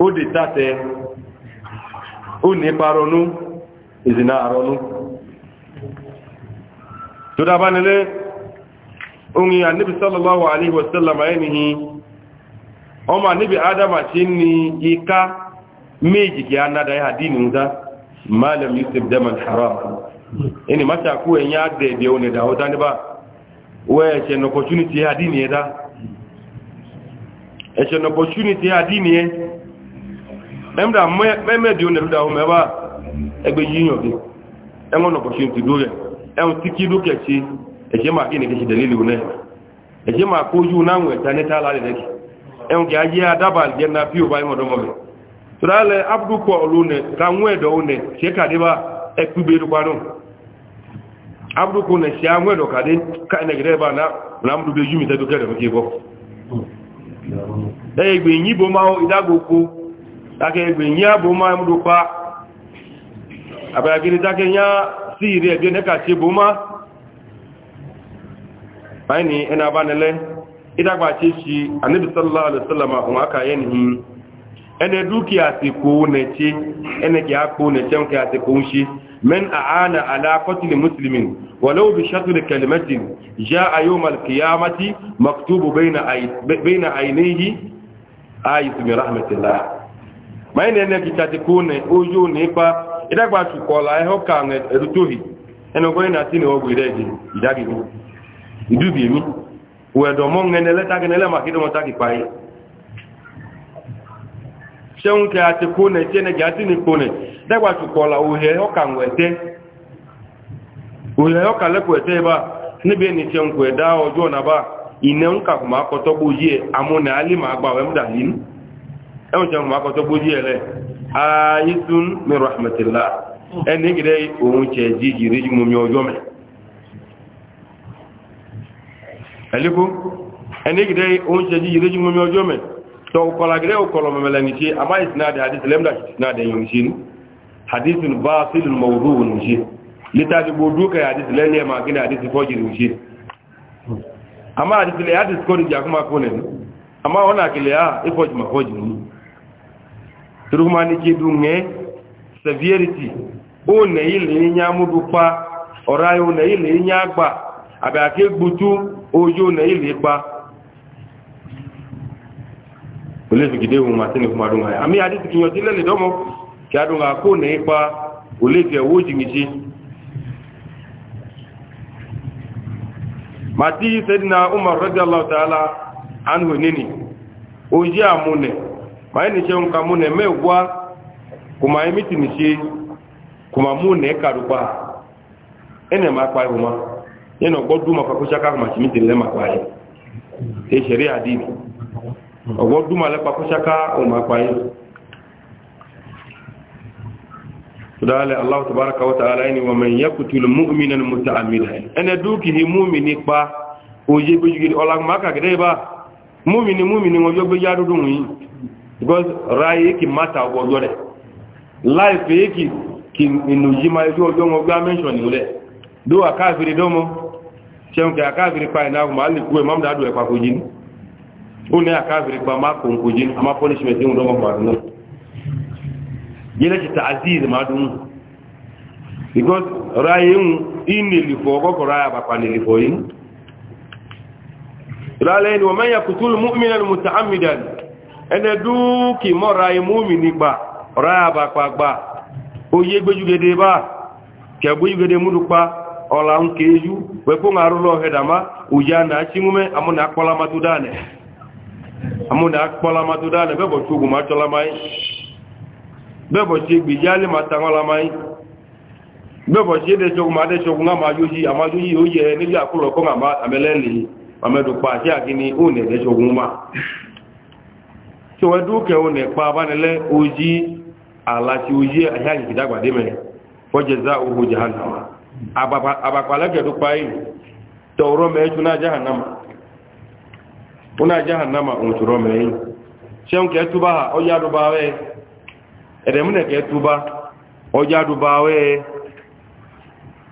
ó dè tàtẹ ó nípa ronú ìzìnà àrọnú tó dábá nílé orin àníbi sallallahu alaihi wasallam ayénihi ọmọ àníbi adama ṣe ní iká méjì kí a nádà yá dínì ń dá malam yusuf haram ku ya da ẹ̀ṣẹ̀ na opportunity àdí ni ẹ́ ẹ̀mdà mẹ́mẹ́dì òun ẹ̀lúdà ohun ẹwà ẹgbẹ́ yíyàn bí ẹwọ́n opportunity dó rẹ̀ ẹwọ́n tí kí lókẹ̀ sí ẹ̀ṣẹ́ si kí nìkẹ́ ṣe dẹ̀lé lónẹ́ ẹ̀ṣẹ́ máa kójú náwọn ẹ̀ta na pí òbá ẹmọ̀dọ́ mọ́mẹ́ tọ́lálẹ̀ abdukọ̀ egbe yi bụ mmanwụ ịdagokwu taka egbe ya bụ mma mrụkwa abịagịrị taka ya si iri egene kachi na abanele ịdagbachi shi anabi sallallahu alaihi wasallam nwa aka ya nihi ene duki atiku nechi ene ki akpu nechi nke atiku shi من أعان على قتل مسلم ولو بشطر كلمة جاء يوم القيامة مكتوب بين بين عينيه آية من رحمة الله ما إن أنك تكون أجو نيبا إذا قد تقول أيه كان رتوه إنه قوي ناتين هو غيره إذا كده يدوبي مي ويدومون أن لا تكن لا ما كده ما تكفي seun ke ati kone tiene ke ati ni kone dagba tu kola uhe oka nwete uhe oka le kwete ba ni be ni seun kwe da ojo na ba ine nka kuma akoto boye amuna ali ma gba we muda yin e o seun ma akoto boye le ayitun min rahmatillah eni gide ohun che jiji riji mu mi ojo me eliko eni gide ohun che jiji riji mu mi ojo me tɔgɔkɔlagire o kɔlɔ mɛmɛlɛni si a ma yi sinadi hadisi lɛmu da sinadi yɔn si hadisi baasi mawudu wɔn si litaati bo du kɛ hadisi lɛ nɛma kini hadisi fɔjiri wɔn si a ma hadisi lɛ hadisi kɔni ja kuma ko nɛni a ma wɔn na kele ya ifɔ juma fɔjiri wɔn turukumani ki du ŋɛ severity o nɛyi lɛ nyamudu pa ɔra yi o nɛyi lɛ nyagba a bɛ a ke gbutu ojo nɛyi lɛ gba olóòtú gidé wọn máa tẹ́lẹ̀ fún adúnwà yà àmì àdìsí kìyàn tí lẹ́lẹ̀ dọ́mọ́ kí adúnwà kó ní ipa olóòtú ẹ̀wọ́ jìngìjì màtí sẹ́dínà umar rẹ́díàláwò tààlà anhu níní ojí àmúnẹ̀ máa ní ṣe nǹkan múnẹ̀ mẹ́wàá kò máa mí tì ní ṣe kò máa múnẹ̀ kàrùpa pa ìwọ̀n máa yẹn náà gbọ́dúnmọ̀ kàkóṣáká kò máa ṣe mí tì lẹ́màá pa ẹ̀ ṣe ṣẹ̀rí àdìsí ọ̀gbọ́ dúmọ̀lẹ́ pàkúṣáká ọmọ àpáyé tọ́dálẹ̀ aláwọ̀ tàbárakà wata aláìní wọ́n mẹ́ yẹ́kùtùlù múmìnà mọ́ta àmìlà ẹni dúkìí múmìnì pa oye gbéjúgbé ọlámàkà gẹ́gẹ́ bá múmìnì múmìnì wọn yóò gbé yádúdú wọ̀nyí because ráyé kì mátà ọgbọ́jọ́ rẹ̀ láìpẹ́ kì inú yí máa yóò yọ́ wọn gbá mẹ́ṣọ̀n ní rẹ̀ dó àkáàfiri dánmọ́ ṣẹ́un kẹ àkáàfiri pa ìnáwó une akaviri kwa mako nkujin ama punishment yin don kwa nan yele ci ta'ziz ma dum because rayin inni li fo ko ko raya ba pani li fo yin ralain wa man yaqtul mu'mina muta'ammidan ene du ki mo rayi mu'mini gba raya ba kwa gba o ye gbejugede ba ke gbejugede mudu pa ọla nkeju wepo ngarụ lọ hedama ujana chimume amụ na akpọla matụ amúnà akpọ́lámátó dáadà bẹ́bọ̀ tí ogun máa tọ́lámáyé bẹ́bọ̀ tí gbìyàlè máa tàwọ́lámáyé bẹ́bọ̀ tí ẹdẹ́sọ́gun máa dẹ́sọ́gun á máa yóyí àmá yóyí ó yẹ nílé àkúrọ̀ kọ́ àmẹ́lẹ́lì àmẹ́dùpá àti àkíní ó nẹ̀ dẹ́sọ́gun má tí wọ́n dúkẹ́ ó nẹ̀ pa abánilẹ́ ojí àláti ojí àyáyìí dàgbàdé mẹ́ fọ́jẹ̀zá ogun jahannama abapalẹ́kẹ̀ẹ́dúpá yìí tọ̀rọ̀ mẹ́ẹ́tún una jahannama unturo mai shan ke tuba ha oya dubawe edemune ke tuba oya dubawe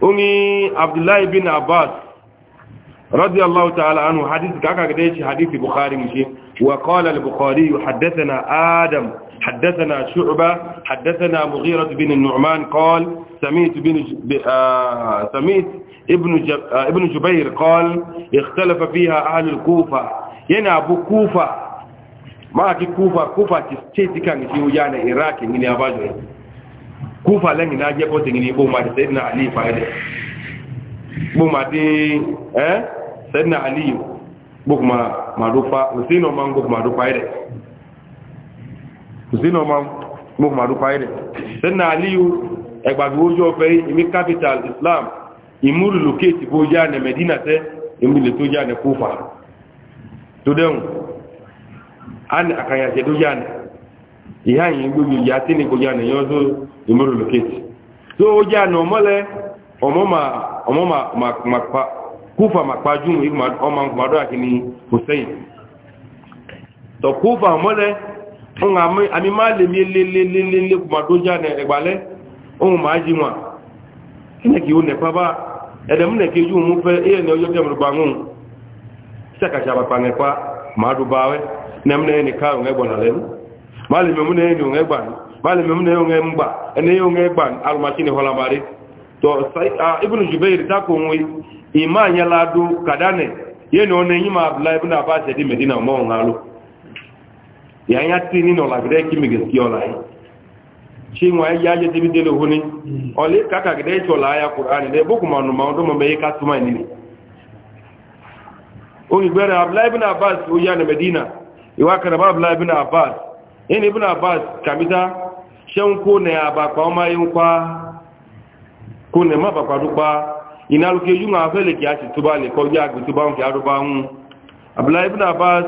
ungi abdullahi bin abbas radiyallahu ta'ala anhu hadith kaka gade shi hadith bukhari mishi wa qala al-bukhari haddathana adam حدثنا شعبة حدثنا مغيرة بن النعمان قال سميت بن ب... آه... سميت ابن جب... آه... ابن جبير قال اختلف فيها أهل الكوفة yana abu kufa maaki kufa kufa ti state kan ti uyana iraq ngini abajo kufa lengi na je bote ngini bo mari sayyidina ali faade bo madi eh sayyidina ali bo kuma marufa usino man bo marufa ire usino man bo marufa ire sayyidina ali egbagbo ojo fe imi capital islam imuru locate bo yana medina te imuru to yana kufa tudeu an akanya ke duyan ihan yin gugu ya tini ko yana yozo imuru loketi so o no mole omoma omoma makpa kufa makpaju ima oma ngwado akini hussein to kufa mole ami mi le le le le le kuma doja egbale ma ji wa kine ki o ne baba edem ne ke ju mu fe e ne chakacha bakpange kwa madu bawe namne ni ka unge bona len mali me mune ni unge ban mali me mune unge mba ene unge ban al machine hola mari to sai ibnu jubair ta ko mu imanya ladu kadane ye no ne yima abla ibnu abbas di medina mo ngalo ya ya tini no la greki mi gesi ola yi chi nwa ya ya de bi de lo huni ole kaka gde chola ya qur'ani de boku manu ma ndo mo be ka tuma ni oyi gbẹrẹ abdullahi ibn abbas o ya na medina iwa karaba abdullahi ibn abbas yin ibn abbas kamita shan ko ne abakwa o ma yin kwa ko ne ma bakwa dukpa ina luke yun a a ti tuba le ko ya gbe tuba nke aruba hun abdullahi ibn abbas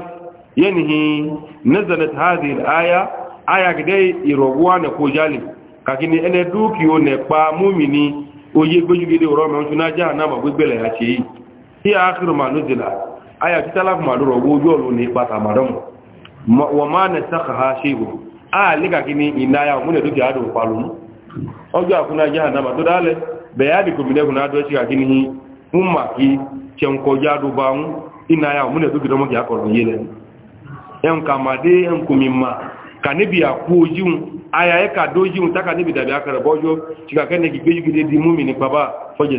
yanhi nazalat hadhihi al-aya aya gide irogwa ne ko jali kakini ene duki o ne pa mumini oye gbejugide oro me n tuna ja na aya titala kuma duro gojo lu ni pata wa ma nasakha shay'un a liga kini inaya mun do ja do palu ojo akuna jahannama to dale be ya di kumine kuna do shi kini hi umma ki chen ko ja do baun inaya mun do gido mo ja ko yele en kamade en aya e ka dojiun taka nibi dabi akara bojo chika kene kipeju kide di mumini baba foje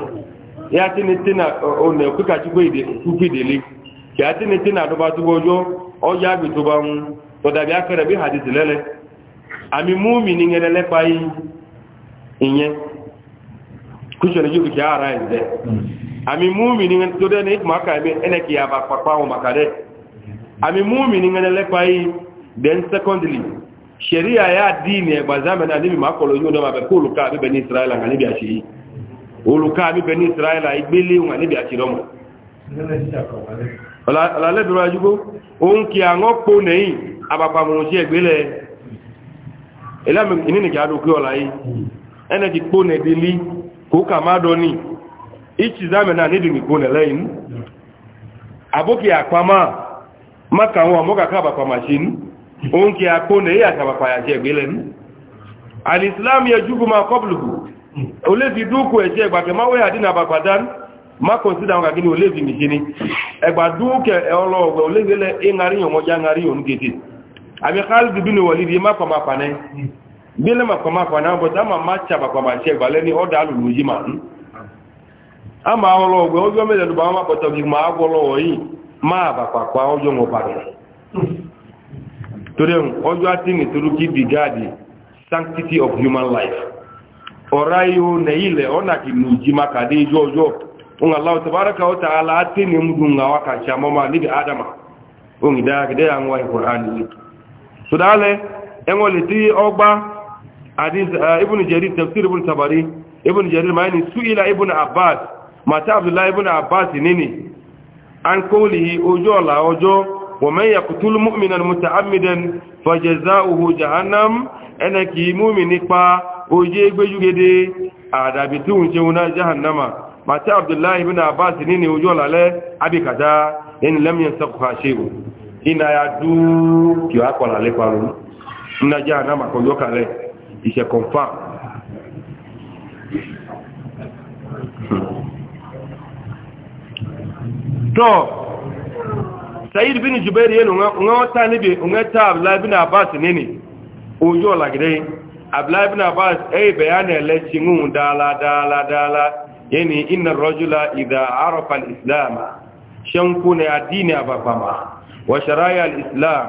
ya tini tina ona kuka chukwu ide kuku idele ki ati ni tina aduba tubo ojo ojo abi tuba mu to dabi akere bi hadisi lele ami mumi ni ngere lepa yi iye kusho ni yuki ya ara inde ami mumi ni ngere tode ni ikma aka ebe ene ki ya bakpakpa o makade ami mumi ni ngere lepa yi then secondly sheria ya dini ya e gbazame na nibi makolo yi odoma be kulu ka abibe ni israela nga nibi ashiyi olùkọ́ abíbẹ̀ ní israẹla ìgbélé wọn níbi àtìlọ́mọ̀ ọ̀làlẹ́bẹ̀rẹ̀ ajúgbó oun kí àwọn pò nẹ̀yìn abàpàmùrùn sí ẹgbẹ́lẹ̀ ìlàmìnìkà àdókè ọ̀là yìí ẹnẹ́jì pò nẹ̀dẹ̀lí kó kà má dọ́ni ìtì zámẹ̀nà nídìí pò nẹ̀lẹ́yìn àbókè àpamá mákàwọn àmọ́kàkà àbàpàmà sí ní oun kí àpò nẹ̀yìn àtàbàpàyà sí ẹgbẹ́lẹ̀ ní alìsìlámì ẹjúgbó olevi dúkù ẹ̀jẹ́ ẹgbàgbẹ̀ máa wéyà dínà àbàgbàdán má kọ̀nsídà wọn kàkiri olevi nìṣe ni ẹgbà dúkù ọlọ́ọ̀gbẹ̀ olevi lẹ ẹ̀ngàrí yọ̀wọ́ já ńgàrí yọ̀n gèdè àmì káàlùdù bí ni wọ̀n lídìí má kọ̀má pàná bí lẹ́mà kọ̀má pàná bọ̀ dáma má tsa bàkọ̀má tse ẹgbà lẹ́ni ọ̀dà alùlù yìí mà ń. àmà ọlọ́ọ̀gbẹ̀ ọjọ́ mẹ́lẹ̀ ọjọ́ àti ní torí sanctity of human life ọ̀rá ihò nẹ̀ ilẹ̀ ọ̀nà ìlú ìjímá kàdé ijó ọjọ́ ohun aláwọ̀ tàbárakà ọ̀ta aláàtí ni mú dùn àwọn kàṣà mọ́má níbi adama ohun ìdáyàkẹ́dẹ́ àwọn ìkùnrin ní so dáálẹ̀ ẹwọ́n lè tí ọgbá ibùn jẹ́rí tafsir ibùn tabari ibùn jẹ́rí maini su'ila ibùn abbas mata abdullahi ibùn abbas nini an kóòlì ọjọ́ ọ̀la ọjọ́ ومن يقتل kpọs ebe a na-achọ gị gị gbejụ gede arabidu ndewo na ji anama masi abudulayi bina aba asinine ọ jụrụ a la le abi kaza ndị nlami nse ọkụ ha sebo hinaya duuu ke akpa n'ale kparo nna ji anama kpọjụ ka le ise confam. tọọ sayi dibi n'izu baa ndị ọ nwụọ nwụọ taa ndị bi ọ nwee taa abudulayi bina aba asinine ọ jụrụ abdullahi ibn abbas ay bayana lati mun dala dala dala yani inna ar-rajula idha islam shanku ne adini abapama wa sharaya islam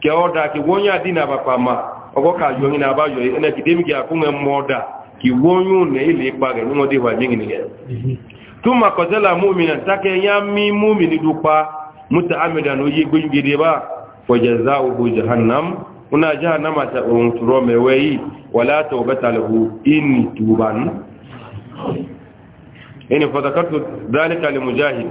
ke oda ki wonya adini abapama ogo ka yo ni abayo ene kidemi ki akunwe moda ki wonyu ne ile pare ni wa mingi ni tuma qatala mu'mina yami mu'mini dupa mutaamidan oye gbingide ba fa jazaa'u una jahannama ta on turo wala taubata lahu in tuban yani fa zakartu li mujahid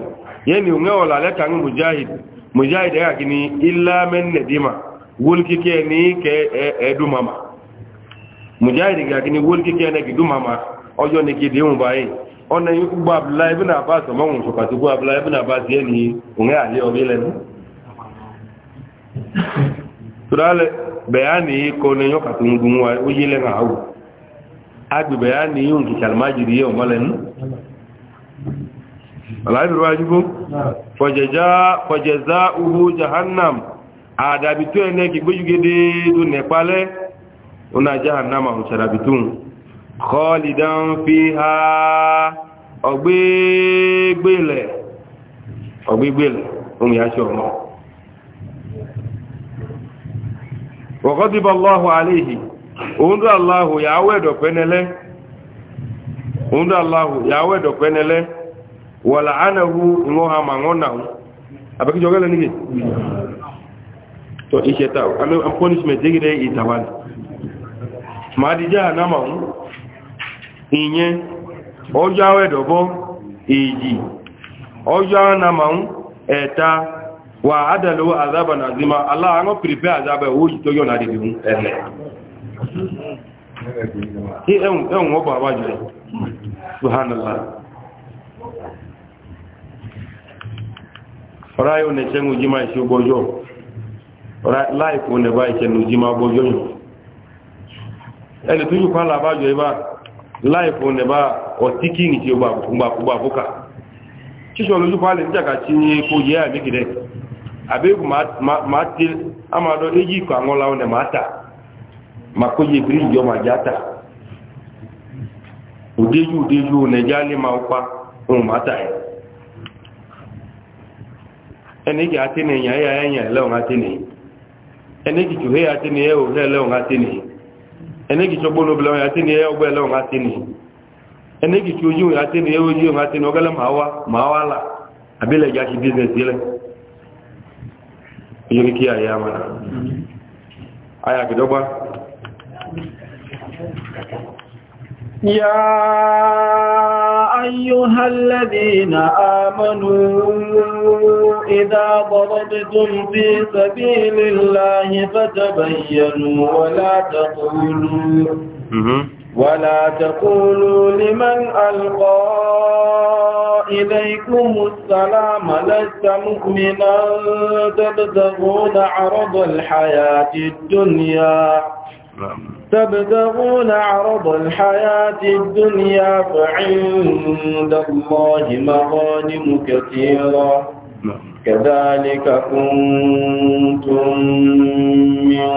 yani ungawa la laka ni mujahid mujahid ya kini illa man nadima wulki ke ni ke edumama mujahid ya kini wulki ke na gidumama ojo ni kidimu bai ona yu gba abdullahi ibn abbas ma mun so ba abdullahi ibn abbas yani ungawa ali obele turale bayani na ne yo katungun wa ujile nga awu. agbe bayani yun ki kalmajiri yo malen bi wajibu fajaja fajazauhu jahannam adabi to ene ki gbujugede du ne khalidan fiha o mi aso mo وغضب الله Ndụ وند الله ya ودو بنله وند الله يا ودو بنله ولعنه نوها ما غناه abaki jogala nige to ishe ta am am punishment jigire itawali madi jahannama inye ojo awedobo iji ojo anama eta wa adalu azaban ala allah an prepare azaba o ji to yona de bi mu ele en en wo baba ju subhanallah ora yo ne jima shi bojo ora life one ba jima bojo yo ele tuju kwa la life one ba o ti o ba ba ba buka le ka abegu ma ti ama do eji ko angola one ma ta ma ko ye bri jo ma jata udeju udeju ne jali ma upa un ma ta e ene ki ati ne nya ya ya le on ati ne ene ki juhe ati ne e o le le on ati ne ene ki chobolo bla on ati ne e o le on ati ne ene ki choju ati ne e o ji on ati ne o gala ma wa ma wala abile ja ki business ile ilé kí àyà máa àyà kìdọ́gbá يا أيها الذين آمنوا إذا ضربتم في سبيل الله فتبينوا ولا تقولوا ولا تقولوا لمن ألقى إليكم السلام لست مؤمنا تبتغون عرض الحياة الدنيا نعم. تبتغون عرض الحياة الدنيا فعند الله مغانم كثيرة نعم. كذلك كنتم من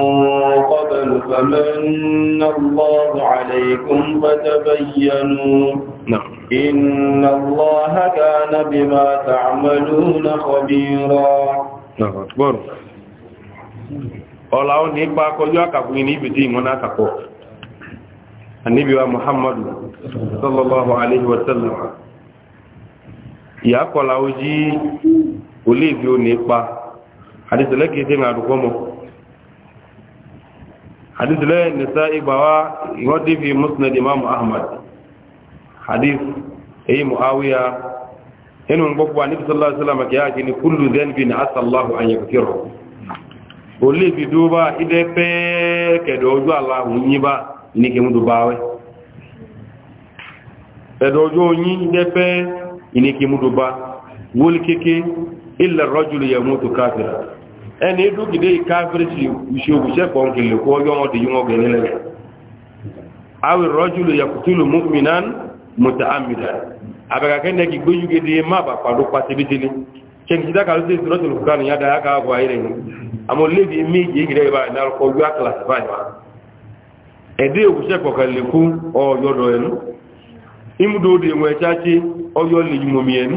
قبل فمن الله عليكم فتبينوا إن الله كان بما تعملون خبيرا أكبر ọ̀la ó ní ipa kọjú àkàkùn ní ibi tí ìmọ́ná àkàkọ̀ àníbíwá muhammadu sallallahu alaihi wasallam ìyá kọ̀la ó jí olèvi ó nípa àdìsẹ̀lẹ̀ kìí ṣe àdùkọ́ mọ́ àdìsẹ̀lẹ̀ nìsa ìgbàwá ìwọ́n dé fi musnad imam ahmad hadith èyí muawiya inú gbogbo àníbi sallallahu alaihi wasallam kìí àkíní kullu dhanbin asallahu an yaghfirahu olèvi dúbà ìdẹ pẹ́ẹ́kẹ̀dọ̀ ojú aláhùn yíba ní kí múdù báwẹ́ ilẹ̀ rọ́jùlù yẹ mú tó káfíra ẹni dúkìdé káfírí sí ìṣògùṣẹ́ kan kì lè kó ọjọ́ wọn ti yí wọn gẹ̀ nílẹ̀ awi rọ́jùlù na kùtùlù múminan mùtà àmìlà àbẹ̀kàkẹ́ ní kí gbójúgede má bà pàdó pàtẹ́bítẹ́lẹ́ ẹ̀dẹ́ ìwọ̀n ọyọ́ lè mọ̀mí ẹnu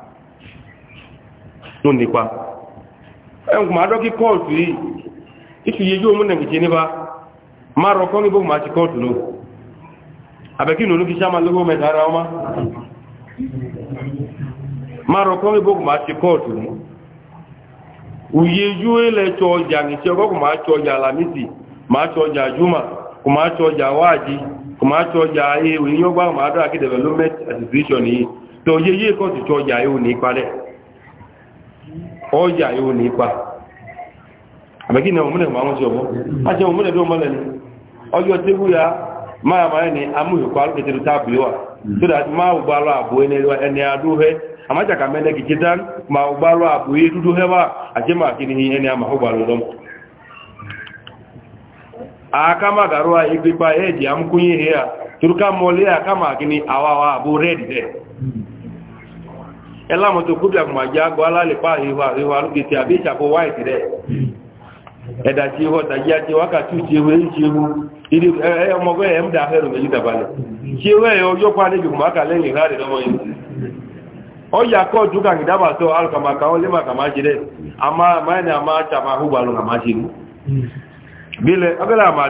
ló nípa ẹnkùn máa dọ́kí kọ́ọ̀tù yìí ìṣù yẹ yóò múnẹ̀ kìí nípa máa rọ kọ́ngí bókùn máa ti kọ́ọ̀tù ló àbẹ̀kí nínú kí sáàmà lówó mẹ́ta ara ọmá máa rọ kọ́ngí bókùn máa kọ́ọ̀tù ló òye yóò lẹ tọ ọjà nìṣẹ ọgọkùn máa tọ juma kò máa tọ ọjà wáàdí kò máa tọ ọjà ewé yọgbà máa dọ́ àkídẹ̀fẹ̀ lómẹ́tì àti ọjà yóò ní ipa àbẹ́kí ní ọmọdé máa wọ́n sí ọmọ a ṣe ọmọdé tó mọ́lẹ̀ ní ọjọ́ tébù ya máa máa ní amúhùkọ alùpẹ̀tẹ̀rẹ̀ tábìlì wà tó dá máa gbá lọ àbò ẹni adúhẹ́ àmájàkà mẹ́lẹ̀ dán máa gbá lọ àbò yé dúdú hẹ́ máa kí ni ẹni àmà ó ya ma ẹlámọ̀tò kúbí àkùnmàjá agọ́ alálèpá ìwà alúgbètè àbí ìṣàkó wáìtì rẹ̀ ẹ̀dà tí ihò tàjí àti wákàtí tí ihò èyí tí ihò ìdí ọmọgbẹ́ ẹ̀ ń dà fẹ́rù méjì dàbalẹ̀ tí ihò ẹ̀ ọjọ́ pa níbi kùmàkà lẹ́yìn rárẹ̀ lọ́wọ́ yìí ọjà kọ́ ju kàkìdábà tó alùkàmàkà ó lémà kàmá jẹ dẹ́ àmà máyìnà àmà àtàmà àhúgbà ló kàmá jẹ mú bílẹ̀ ọgọ́lá àmà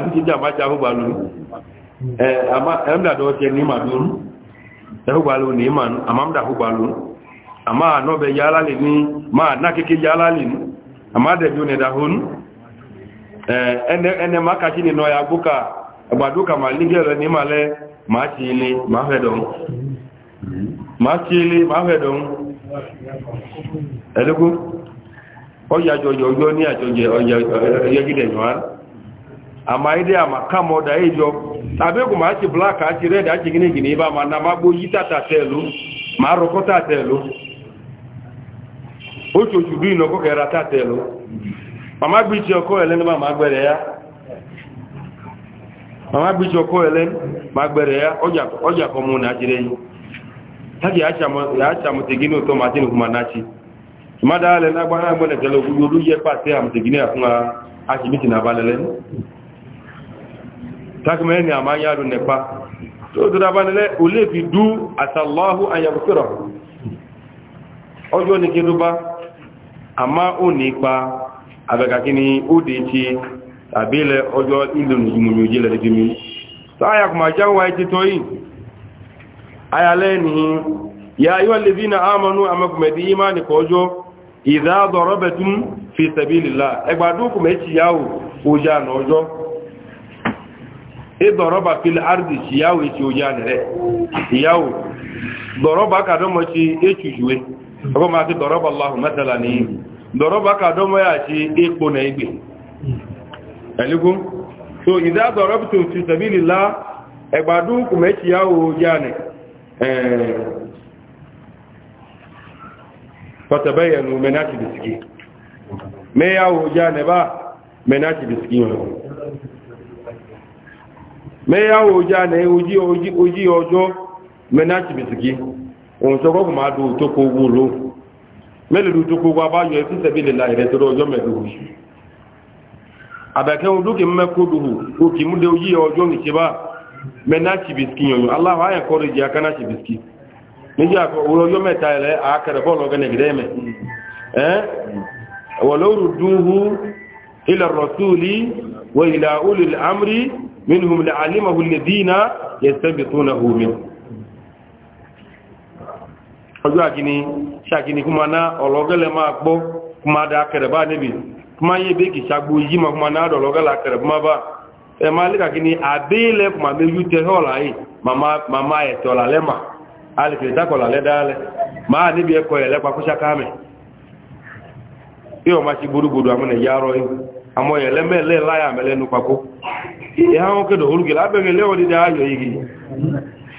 ní màdúrú ẹ̀húgbà ló ní ama anobe yalali ni ma nakiki yalali ni ama de bi ne da hun eh ene ene makati ni no ya buka agbaduka maligere ni male ma ti ile ma fe don ma ti ile ma fe don elugo o ya jojo ojo ni ajoje oya yegide nwa ama ide ama kamo da ejo tabe ko ma ti black ati gini ba ma na ma gbo yitata otu otubo na ọkụkọ kere ata telu mama gbichi ọkụ ele mama gbere ya mama gbichi ọkụ ele ma gbere ya ọja mụ na ajire yi ha ji acha mụtegị n'ụtọ ma dịnụ ma nachi mmadụ ale na agbara agbe na ekele ogwugwu olu ihe kpatị ha mụtegị na afụnwa achimiti na abalele takimere ni ama ya ru nepa tó dúró abalẹ̀lẹ́ olè fi dú àtàlọ́hù ayàwó fẹ́rọ̀ ọjọ́ ní kí ló bá ama onikpa abekakini udichi ni ojo ilu munyuji le dimi so aya kuma jawa ya ayu alladhina amanu amakum bi imani ya idha darabatum fi echi na ojo idoroba fil ardi yawo echi oja yawo ọkọ̀ máa ti dọ̀rọ̀bà aláhùn mẹ́tàlá ní dọ̀rọ̀bà kàdọ́mọ́ yà ti ipò na igbe ẹ̀lúgún so ìdá dọ̀rọ̀bùtò ti sàbílìlá ẹgbàdún kùmẹ́kìyàwó yáni fatabayyanu menati biski me yawo jane ba menati biski yau me yawo jane oji oji ojo menati biski òun tó kọ́kọ́ máa do òtókò owó ló mélòó do òtókò owó abáyọ ẹtí sẹ́bi lè la ìrẹsẹ̀ rẹ ọjọ́ mẹ́ẹ̀ẹ́dógún àbẹ̀kẹ́ wọn dókè mẹ́kó do òkè múdẹ oyí ọjọ́ nìṣẹ́bà mẹ́ná tsi bisikì yọ̀nyọ̀ aláwọ̀ ayẹ̀ kọ́ lóye akáná tsi bisikì níbi àkọ́ ọjọ́ mẹ́ta yẹ lẹ́ àákẹ́rẹ́ bọ́ọ̀lù ọ̀gẹ́ nẹ̀gẹ́dẹ́ mẹ́ ẹ́ wọ̀lọ́rù dùnhù ilẹ̀ rọ̀túùlì wọ ilẹ̀ olùlẹ̀ amúrí mínú ọjọ́ àjíní ṣàkíní kúmọ̀ náà ọ̀lọ́gẹ́lẹ̀ máa gbọ́ kúmọ̀ dá kẹrẹ̀bá níbi kúmọ̀ yé bẹ́ẹ̀kì ṣàgbó yí ma kúmọ̀ náà ọ̀lọ́gẹ́lẹ̀ kẹrẹ̀bá máa bá ẹ máa lé kàkíní àbẹ́ẹ̀lẹ̀ kúmọ̀ méjú tẹ họ́ọ̀lá yìí màmá ẹ̀tọ́ làlẹ́ mà alìkèrè dákọ̀lá lẹ́ dáálẹ̀ máa níbi ẹkọ ẹ̀ lẹ́pa kó ṣàkámẹ̀ yóò máa ṣe gbódúgbòdú àmúnẹ̀ yárọ yìí àmọ́ ẹ̀ lẹ́mẹ̀ẹ́lẹ́ láyà mẹ́lẹ́nu pàkó ìhà wọn kéde olùgẹ̀ lábẹ́rẹ́ lẹ́wọ̀n dídá ayọ̀ yìí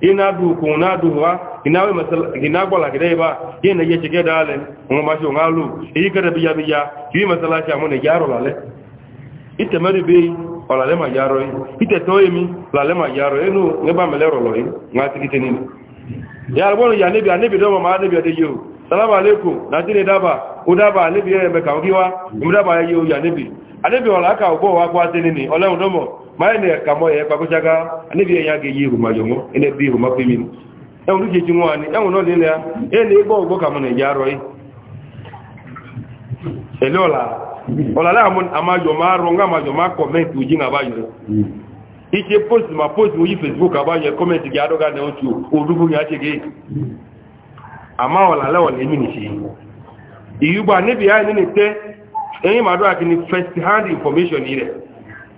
ina duku na duwa ina we masal ina gwala gidai ba ina ye cike da ale mu ma jo ngalu yi kada biya biya yi masala cha mu ne yaro lale ite mari be ola le ma yaro ite toyi mi la le ma yaro enu ne ba mele ro loyi ma ti kite ni ya albono ya ne bi anebi do ma anebi ade yo salamu alaikum na tire daba udaba anebi ye be ka ogiwa mu daba ye yo ya nebi anebi ola ka obo wa kwa tini ni ole udomo ani bi ya ge yiru ma jongo ene bi ru ma pe min e wonu je jinwa ni e ya e ne gbo ne jaro yi e ola la amon amajo ma ro nga amajo ma comment uji nga ba yo ije post ma post uji facebook aba ye comment ge adoga ne otu odugu ya che ge ama ola la ola emi ne bi ya ni ni te eyin ma do akini first hand information ni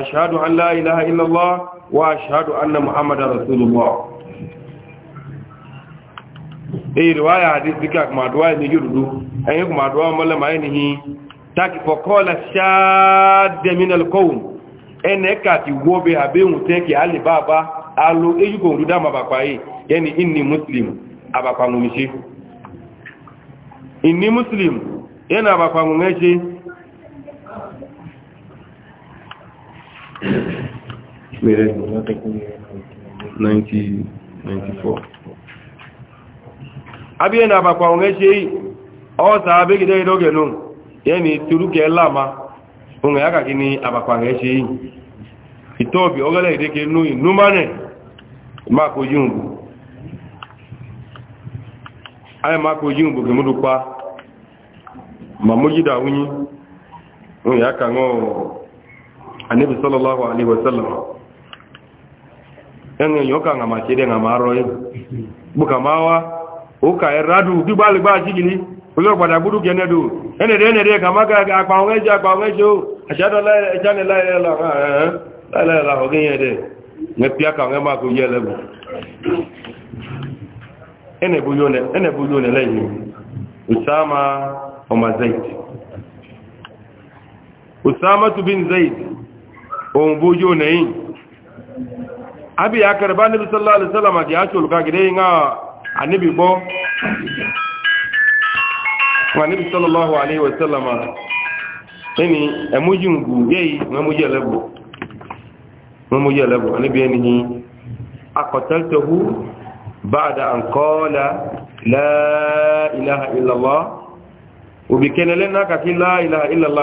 أشهد أن لا إله إلا الله وأشهد أن محمد رسول الله إيه رواية حديث بك ما دواء نجرد أيك ما دواء ملا ما ينهي تاكي فقال شاد من القوم أنك تغوبي أبيه تاكي علي بابا ألو إيجو ردام بابا يعني إني مسلم أبا قانو مشي إني مسلم يعني أبا قانو مشي mere abịa na abakwa onwe chei ọta abegide gide oge nụ ya na ituru ka ele ma onwe ya ka gị ni abakwa onwe chei ite obi ogele ide n'oyi nu inu mane ma ko jungu ay ma ma mujida wunyi onwe ya ka anabi sallallahu alaihi wasallam yan yan yoka nga ma nga maro buka mawa o ka eradu bi bali ba jigini ulo pada budu gene do ene de ene de ka maka ka pa onge ja pa onge jo ashadu la ilaha illa allah la la la ho gene de ne pia ka nga ma ko yele bu ene bu yone ene bu yone la yi usama o mazait usama bin zaid ohun bojo na yi abi ya karba nabi sallallahu alaihi wasallam ya ce luka gida yin a annabi bo wa nabi sallallahu alaihi wasallam ni emujin gu yeyi na muje lebo na muje lebo annabi ni aqtaltahu ba'da an qala la ilaha illa allah ubikenele naka ki la ilaha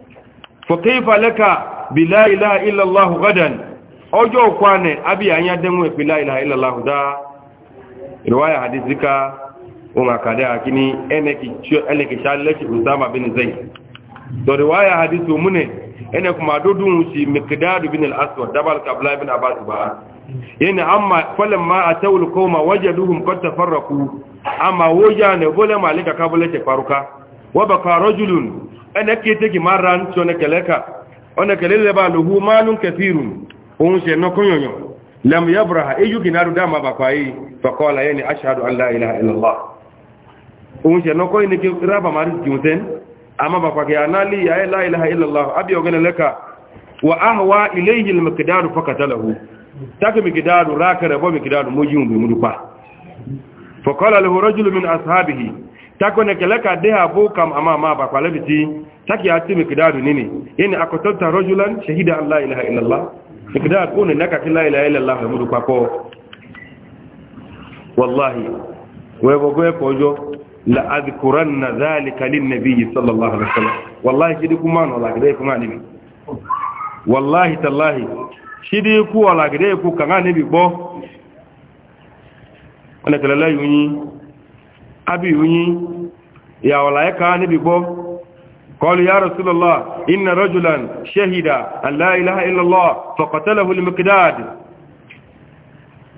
فكيف لك بلا إله إلا الله غدا أجو كواني أبي أن يدمو بلا إله إلا الله دا رواية حديث لك وما كده أكيني أنك شالك أسامة بن زيد دو رواية حديث مني أنك ما دودون شي مقداد بن الأسود دبل كبلا بن عباس بها يعني أما فلما أتوا القوم وجدوهم قد تفرقوا أما وجاني ظلم عليك كابلة فاروكا وبقى رجل ẹnẹ kéte kì máa ra tí ọ̀nà kẹlẹ́ ká ọ̀nà kẹlẹ́ lẹ́bàá lòhú máàlùm kẹfìrún òun ṣe nọkúnyọ̀nyọ̀ lẹ́mú yẹ́bùrà eyú kì náà dúdá máa bàkwá yìí fọ̀kọ́ ọ̀làyé ni aṣáájú aláìlá ìlọ́lá òun ṣe nọkọ́ yìí ni kí rábà máa rí jùn sẹ́n àmà bàkwá kì ànálì aláìlá ìlọ́lá àbí ọ̀gẹ́nà lẹ́ka wà áhùwá ilé yìí lè mẹ̀kẹ̀dáàrù fọ́kàtàlẹ̀hù tákì tako ne keleka deha bukam ama ma ba kwale biti taki ati mikdadu nini yani akotalta rajulan shahida an la ilaha illa allah mikdad kunu naka ki la ilaha illa allah mudu kwako wallahi wewe goye kojo la adhkuranna dhalika linnabiy sallallahu alaihi wasallam wallahi kidi kuma no la gide kuma ni wallahi tallahi kidi ku la gide ku kan ni bo ona kala la yunyi abi unyi ya walaika ni bibo قال يا رسول الله إن رجلا شهد أن لا إله إلا الله فقتله المقداد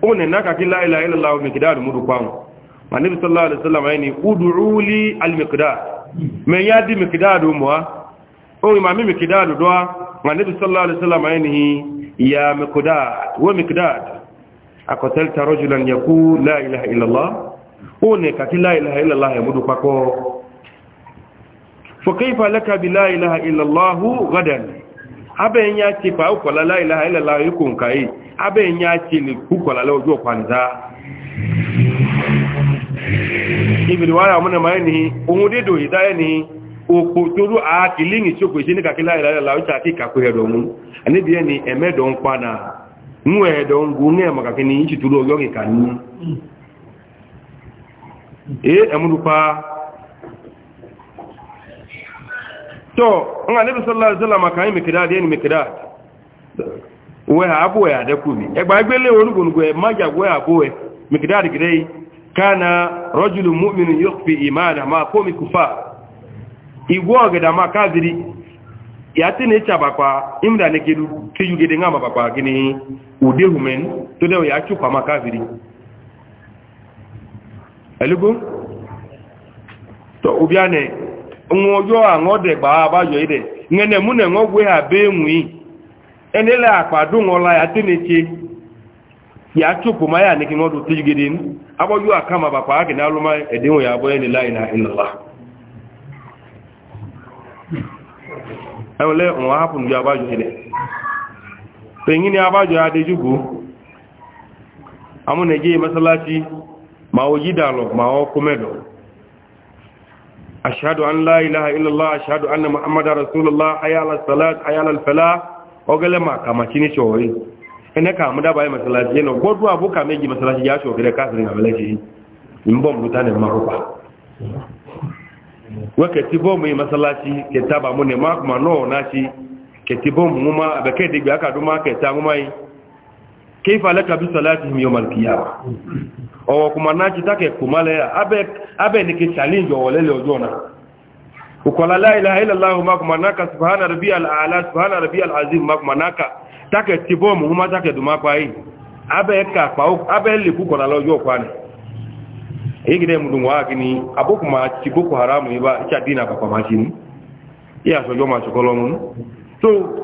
أولا ناكا كي لا إله إلا الله المقداد مدقان والنبي صلى الله عليه وسلم يعني أدعو لي المقداد من يدي مقداد أمها أو إمامي مقداد دعا والنبي صلى الله عليه وسلم يعني يا مقداد ومقداد أقتلت رجلا يقول لا إله إلا الله one kati la ilaha illa allah yabudu kwako fa kayfa laka bi la ilaha illa allah ti pa ko la ilaha illa allah yuko nkai ti li kuko la leo jua kwanza ibi wala mwana maeni umudedo hidayeni okotoro akilingi choko isini kakila ila ila ucha ee eh, emurupa pa, nga nabi sallallahu alaihi wasallam kan mi kida de ni mi kida we ha abu ya de e gba gbele orugun gwe ma ja gwe abu mi kida de gidei kana rajulu mu'minun yukhfi imana ma qawmi kufa igwo geda ma kadiri ya ti ne imda ne kedu kiyugede nga ma bakwa gini udehumen ya chupa ma kadiri ẹ̀lúgbó tó obi a nẹ nwa ọjọ́ àwọn ọdẹ gbà abájọ ìdẹ̀ ngẹ́nẹ̀ mú wọ́n gbé ha bẹ́ yìí ẹnilẹ̀ àpàdó ya la yà tẹ́nẹ̀tẹ́ yà tópò máa yà ní kí wọ́n tó tẹ́jú gẹ́dẹ́ ní abọ́jú àkàmà bàpá ákì ní alọ́mà ẹ̀dẹ́wọ̀n yà abọ́ ẹni láì ma o yida lọ ma o kome lọ ashadu an la ilaha illallah ashadu anna muhammadu rasulullah ayala salat ayala alfala ogele ma kamaci ni shori ene ka mu daba yi masalaci yana gbodu abuka meji masalaci ya shori da kasirin abalaci in bom mutane maruba wake ti bom yi masalaci ke taba mu ne ma no na shi ke ti digbe aka duma ke ta keifa laka bi salatihim yawm al-qiyamah owo kuma naji take kumale abe abe ni ke challenge owo lele ojona ukola la ilaha illa allah ma kuma naka subhana rabbiyal a'la azim ma kuma naka take tibom huma take abe ka pa abe le ku kola lojo pa ni igide mudun wa gini aboku ma tiboku haramu iba icha dina so yo ma so kolonu so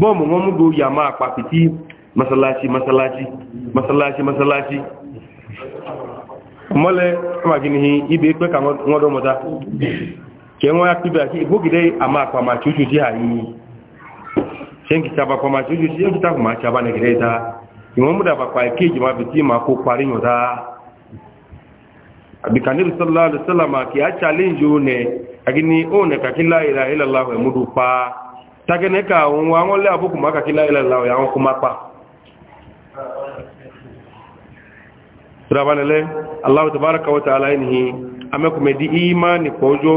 bọ́ọ̀mù wọn mú do yà máa pàpìtì masalachi masalachi masalachi masalachi mọ́lẹ̀ ọmọginihi ibe pẹ́ ka wọ́n dọ́mọ́ta kẹ wọ́n yá pípẹ́ àti ìgbógidẹ́ àmà àpàmà tí ó ṣù sí àyíyí ṣe ń kìí a pàmà tí ó ṣù sí ẹ̀kì tàbí máa ṣàbá nìgẹ̀rẹ́ ta ìwọ̀n múdà bàpà ìkéjì máa fi tí máa kó parí yàn ta àbíkà níbi sọ́lá lọ́sọ́lá máa kì á challenge ó nẹ̀ àgíní ó nẹ̀ kàkí láìra ìlàláwẹ̀ múdù pa á takene ka òun wa wọ́n lé àbúkù máa kàkí láìlẹ̀ láwọ̀ àwọn kó máa pa ìràbánilẹ́ aláwọ̀ tàbárakà wata aláìníhì amẹ́kùnmẹ̀dí imani pọ̀jọ́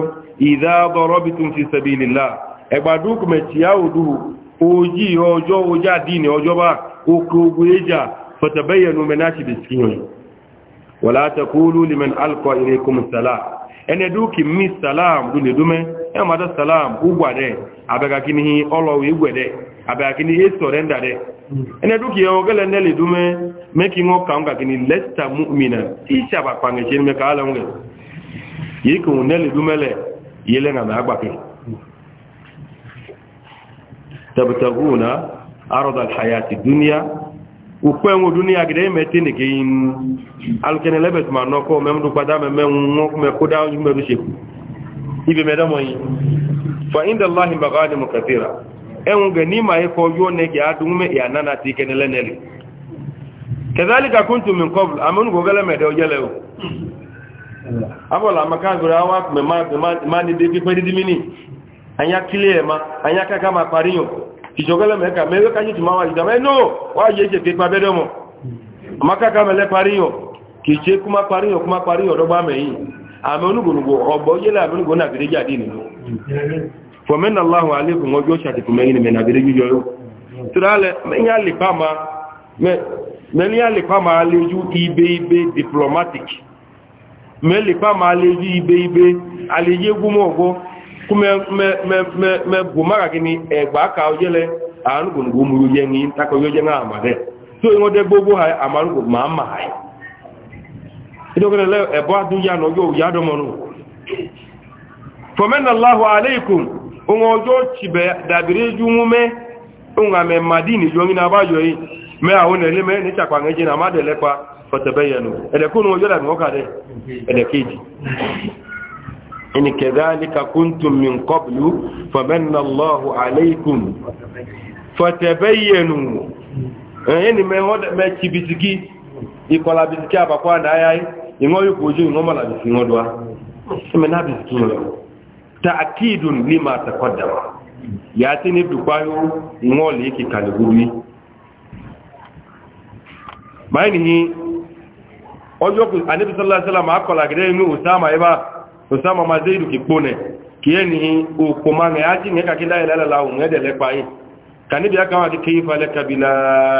ìdáàbọ̀rọ̀bì tún fi sẹ̀bí ìlìlá ẹgbàdúkù mẹ́tíyàwó ẹni dúkì mí sàlám dúnlẹ̀dúmẹ́ ẹmàdá sàlám ugbà rẹ̀ abegakinihi ọlọwụ igwede abegakinihi esorenda de ene dukiye ogele ndeli dume meki ngo kam gakini lesta mu'mina isha ba kwange chen me kala nge yiko ndeli dumele yele na agba agbake tabtaguna arda alhayati dunya ukwenwo dunia gide meti ni kin alkene lebet manoko memdu kwada memenu ngokume kuda nyumeru sheku ibe medamoyi fa inda allahi maghanimu kathira enwu ganima iko yone ki adume ya nana tikene lenele kadhalika kuntum min qabl amun gogala me do jelew abola makagura wa me ma ma ni de bi pe di mini anya kile ma anya kaka ma pariyo kijogala me ka me ka nyitu mawa ida me no wa yeje pe maka ka makaka me le pariyo kiche kuma pariyo kuma pariyo do ba me yi amun gunugo obo yele amun gona gire jadi fọmẹ́nà aláhùn alékùn ọjọ́ ṣàtìkù mẹ́yìn mẹ́nà àbẹ́rẹ́ jíjọ yóò tírálẹ̀ mẹ́ni àlèpá máa léjú ibé ibé diplomatic mẹ́lèpá máa léjú ibé ibé àlèyé gúnmọ̀ ọgbọ́ kú mẹ́gbò ni ẹgbà fọmẹ́nà láhùn aléìkùn ohun ọjọ́ ṣìbẹ̀ dàbírí jú mú mẹ́ ohun àmì madini yọ nínú abájọ yìí mẹ́ àwọn ẹ̀lẹ́ ní ṣàpàngẹ́ jẹ́ náà mádẹ̀lẹ́pa fọ̀tẹ̀bẹ̀yẹnu ẹ̀lẹ́kùn ọjọ́ dàbí wọ́n ta'kidun lima taqaddama yati ni dukayo ngoli ki kaliguri bayni ojo ku anabi sallallahu alaihi wasallam akola gede ni usama iba usama mazeidu kipone kieni ukomane aji ngeka kila ila la ngede le pai kani bi akawa ki kayfa laka bila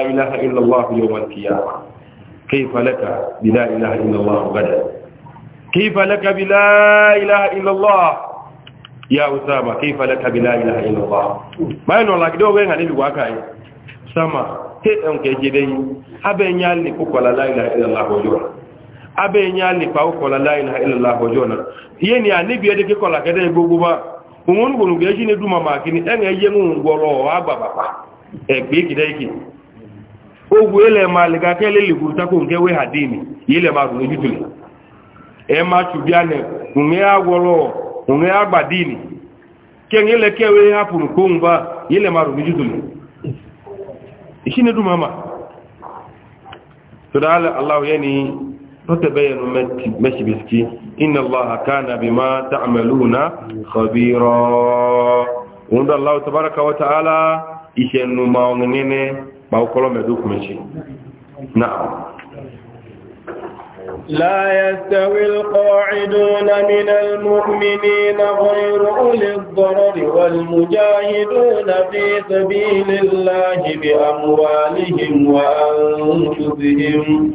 ilaha illa allah yawm al-qiyamah kayfa laka bila ilaha illa allah gada kayfa laka bila ilaha illa allah ya usama kaifa laka bila ilaha illa allah maana la kidogo ngani bigwa kai sama te onke jedei abe nyali ko la ilaha illa allah wajona abe nyali pa ko la ilaha illa allah wajona yeni anibi ede ko la kede gugu ba umun gunu geji ne duma makini en ngun ogu ele kele ko nke we hadini yele ma runu jutule e ma chubiane agworo onwe agba dini ken ile kewe hapụrụ ka onwuba ile mara omijidulu ishine duma ma tụrụ ala allahu ya ni فتبينوا مشبسكي إن الله كان بما تعملون خبيرا وند الله تبارك وتعالى إشنو ما ونيني ما وكلهم يدوك مشي نعم لا يستوي القاعدون من المؤمنين غير أولي الضرر والمجاهدون في سبيل الله بأموالهم وأنفسهم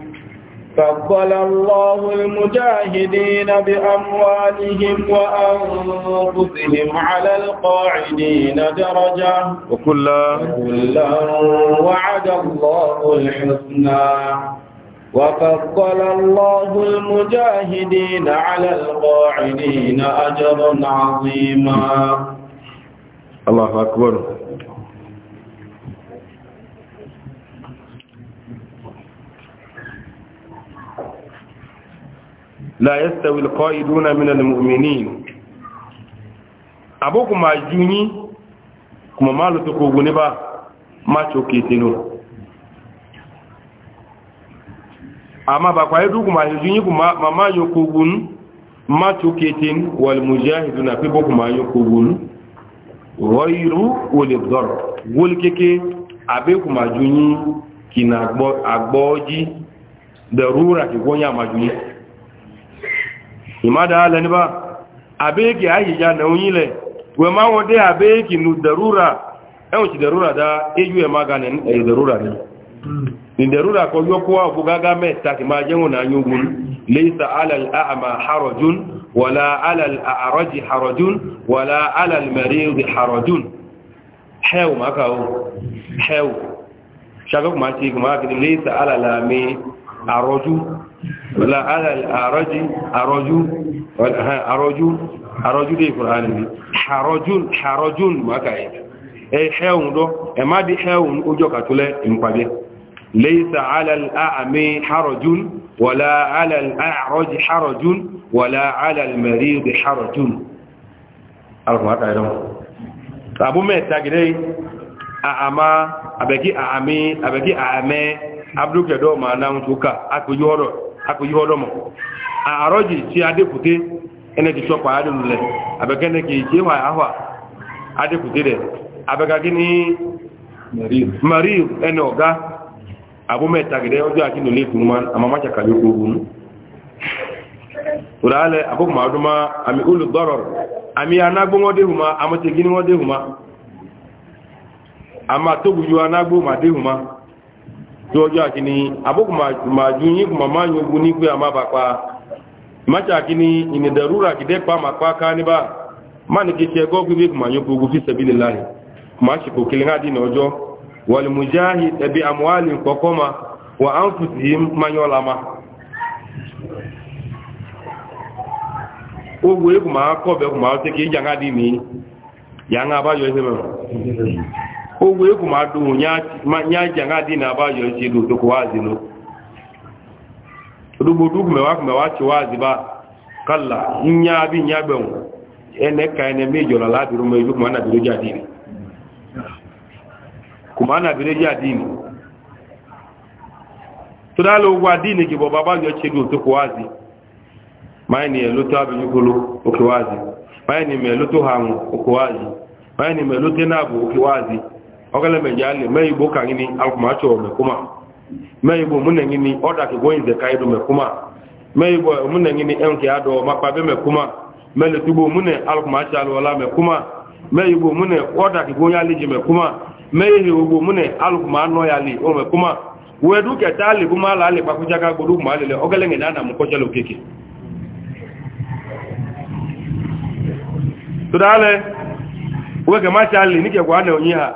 فضل الله المجاهدين بأموالهم وأنفسهم على القاعدين درجة وكلا وعد الله الحسنى وفضل الله المجاهدين على القاعدين أجرا عظيما الله أكبر لا يستوي القائدون من المؤمنين أبوكم أجوني كما مالو تقوغنبا ما شوكيتنو amma ba kwaye duk ma yanzu yi kuma mama yo kogun ma tuketin wal mujahidun fi boku ma yo kogun ghayru wal dar wal keke abe kuma junyi kina gbo agboji darura ki gonya ma junyi imada ala ni ba abe ki ayi ja na onyi le we ma wode abe ki nu darura e o ti darura da eju e ma ga ne e darura ni hmm inderura ko yokuwa bugaga meta kimajengo na nyugun laysa ala al-a'ma harajun wala ala al harajun wala ala al-marid harajun hew makao hew shagok mati kuma kidim laysa ala lami araju wala ala al-a'raj araju wala araju araju de qur'an harajun harajun makai e. e hew e madi hew ojo katule impabe ليس على الأعمي حرج ولا على الأعرج حرج ولا على المريض حرج abu mẹ́ta gidẹ́ àmá àbẹ̀kí àmì àbẹ̀kí àmẹ́ abúrúkẹ̀dọ́ ma náà tó ká àpèjú ọdọ́ mọ̀ àrọ́jì tí adékùté ẹnẹ́kì sọpa adìmúlẹ̀ àbẹ̀kẹ́nẹ́kì tí wà áhà adékùté rẹ̀ àbẹ̀kàkí ní maríl ẹni ọ̀gá abome tagide ojo akinu le tuman amama chaka yo gugun urale abu maaduma ami ulu darar ami anagbo ngode huma amate gini ngode huma ama togu yo anagbo made huma ojo akini abu ma ma junyi kuma manyo guni ku ama bakwa macha akini ini darura kide kwa makwa kani ba mani kiche gogu bi kuma yo gugu fi sabilillah kuma shi ko kilinga dino ojo والمجاهد بأموال فقما وأنفسهم من يلما ogwe kuma kobe kuma o teke janga di mi yanga ba yo se mo ogwe kuma du nya ma nya janga di na ba yo se du to ko wazi no du bo du kuma wa kuma wa ci wazi ba kalla nya bi nya be ene ka ene mi jo la la bi ru me ju kuma na bi ru jadi ni kumana bireji adini tudalo wa dini gibo baba yo chego to kwazi maini eluto abinyukulu okwazi maini meluto hamu okwazi maini melute nabu okwazi ogale mejali ni kangini alkumacho mekuma meibo munengini oda kigoinze kaido mekuma meibo munengini enke ado mapabe mekuma mele tubo mune alkumacho alwala mekuma meibo mune oda kigonya lije mekuma mehe ogbo mụ na alụkụma anọ ya li ome kuma wee du keta ali kuma ala ali kpakwụcha ka gboro ụmụ ogele ngene ana m kọchala okeke tudale macha ali nike gwa na onye ha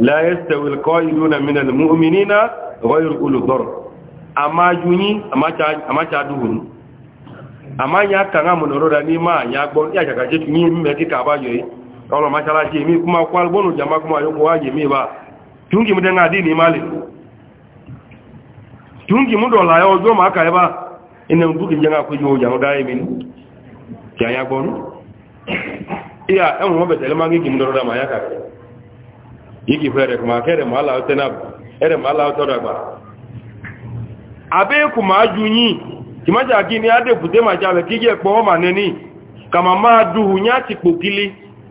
la yastawi alqa'iduna min almu'minina ghayru ulul dhar ama junyi amanya kanga munoro ni ma ya ya kaka je tunyi mme ọlọ masalasi mi kuma kwal bonu jama kuma yoko waje mi ba tungi mude nga dini mali tungi mudo la yo jo maka ba. ina mbuki janga ku jo jama dai min ya ya bonu iya en mo betele mangi gi mudo da ma ya ka yigi fere kuma kere ma ala tena ere ma ala to ba abe kuma ajunyi kimaja gini ade bute ma jale kije po ma neni kama ma duhu nya ti pokili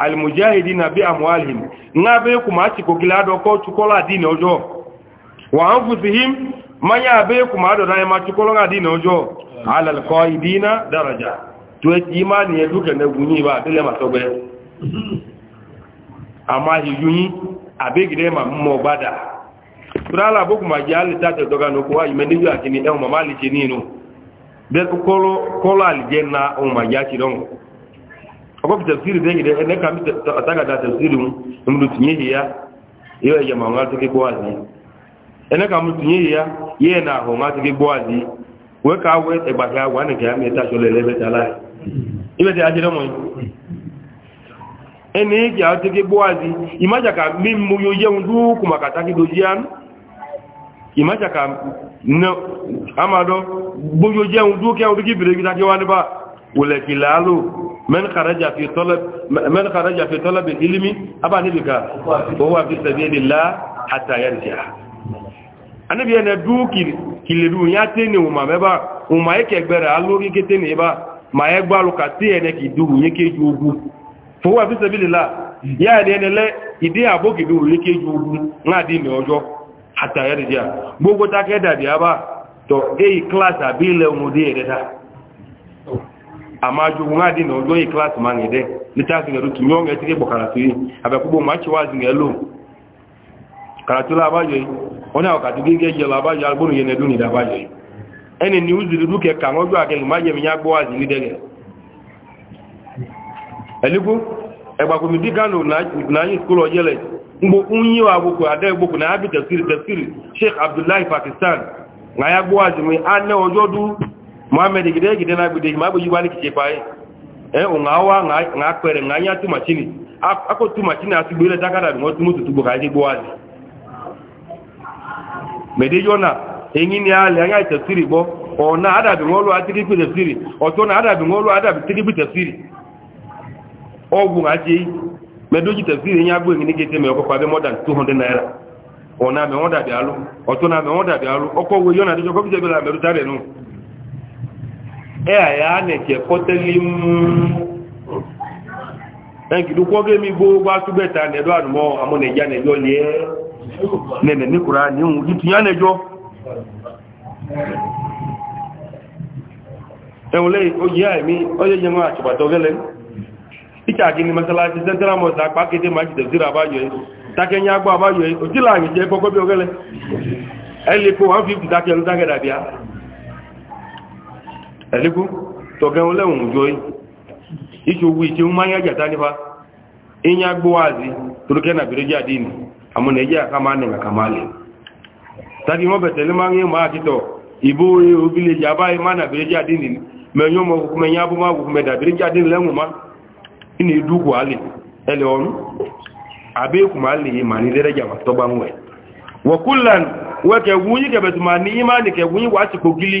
almujahidina bi amwalihim nga be kuma ci ko kila do ko chukola dini ojo wa anfusihim manya be kuma do dai ma chukola nga dini ojo ala alqaidina daraja to imani ya duka na gunyi ba dole ma tobe ama abe abegide ma mo bada turala boku ma jali tate doga no ko ayi mendi ya kini e ma mali chininu be ko kolo kolo aljanna o ma ya ci dongo akwai tafsiri zai gida ne kami a taga da tafsirin in mutum yi ya yau ya jama ma take gwazi ene ka mutum yi e ya yi na ahu ma take gwazi wai ka wai tsagba ya wani ka ya mai tashi lele bai tala ibe ta ajiyar mu ene yake a take gwazi imaja ka min mu yo yau du kuma ka take dojiyan imaja ka na amado bu yo yau du ke o digi bire gida ke wani ba wule kilalo من خرج في طلب من خرج في طلب العلم ابا نبيك وهو في سبيل الله حتى يرجع anabi ene du kiliru ya tene uma meba uma yake gbere alori ketene ba ma ye gbalu ka ti ene ki du yake ju ogu fo wa fi sabilillah ya ene ene le ide aboki du yake ju ogu na di ni ojo hatta yarja gbogbo ta ke da bi aba to e class abi le mu di ere da amma ju nga di no joyi class ma ngi de ni ta ngi rutu nyo ngi tike bokara tu abe kubo ma chi wazi ngi lo karatu la ba joyi ona wakati ginge je la ba joyi albunu ni uziri duke kan ojo ake ma je mi nya gbo wazi ni dege eligu egba ko na na yi school ojele ngbo unyi wa gbo na abi tafsir sheikh abdullah pakistan nga ya gbo mi ane ojo muhammed gide gide na gide ma buji wani kice paye eh unga wa nga kwere nga nya tuma chini ako tuma chini asigbele takara ngo tumu tutugo kaje gwazi mede yona ni ale anya bo ona ada bi ngolu atiri bi tafsiri na ada bi ngolu ada bi tiri nga ji nya gbo ngini gete me okwa be more than 200 naira ona me oda bi na me oda bi alu yona de je me rutare nu e ya a na-ekekọtali nkidukwọgo m igbo gbatụbeta na edo anụmọ amụ na eja na ejo lie nene nikwuru anyị nwụ gị tinye na ejo enwele oji ya emi onye je nwa achịbata ogele iche agị na masalachi central mosque akpa kete ma jideziri ẹ̀lẹ́gbó tọ̀gẹ̀un lẹ́wọ̀n òjò ìṣòwò ìṣe ń máyá jàtá nípa ìyá gbówáàzí torókẹ́ nàbìrì jáde nì àmọ́ nàíjẹ́ àkàmà nì àkàmà lẹ̀ tàbí wọ́n bẹ̀tẹ̀ lé máa ń máa títọ̀ ìbò òbílẹ̀ yàbá ìmá nàbìrì jáde nì mẹ́yọ́ mọ́ kúkú mẹ́yà bó máa kúkú mẹ́dàbìrì jáde lẹ́wọ̀n má ní ìdúkù alẹ̀ ẹlẹ́ ọ̀run àbẹ́kùn má ti kò gílí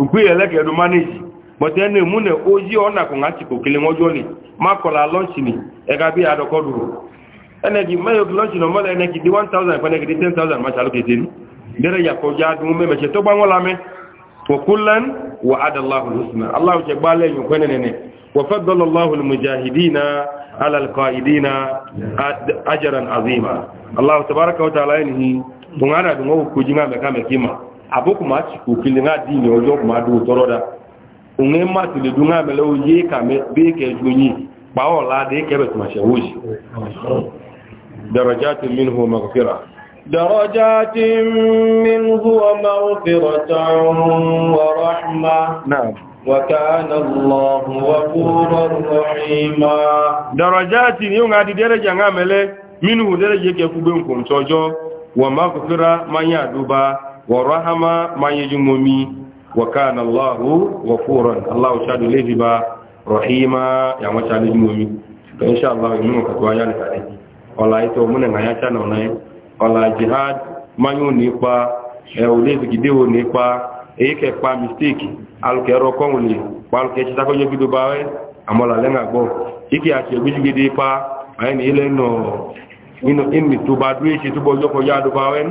ukwu elekedu manage but ene mune oji ona ko ngati ko kile ngojo ni makola launch ni e ga bi adoko duro ene gi mayo launch no mole ene gi di 1000 pa ene gi 10000 masha Allah kitin dere ya ko ja du me meche to bango lame wa kullan wa ada husna Allah je gbale yun ko ene ne wa faddala Allah al mujahidina ala al qaidina ajran azima Allah tabaaraka wa ta'ala yanhi dungana dungo kujinga me kama kima aboko ma ci ko kili nga di ni ojo ma du toro da unge ma ti le du nga mele o ye ka me be ke ju pa o la de ke be ma se wuji darajat minhu maghfira درجات منه ومغفرة ورحمة نعم وكان الله غفورا رحيما درجات يوم هذه درجة عمله منه درجة كفوبهم كم تجوا ومغفرة ما يدوبا ورحم من يجممي وكان الله غفورا الله شاد له با رحيما يا ما شاد يجممي ان شاء الله يمنو كتوا يعني كاري ولا يتو من غايا كان ولا جهاد ما يوني با اولي بيديو ني با ايكه با ميستيك alukẹrọ kọhùn lè pa alukẹsí sákọjọ gbígbó bá wẹ àmọlà lẹ́nà gbọ́ ìkí àti ẹgbẹ́júgbédé pa àyẹ̀ni ilẹ̀ nù inú tó bá dúró ìṣètúbọ̀ ọjọ́ kọjá àdúbà wẹ́nu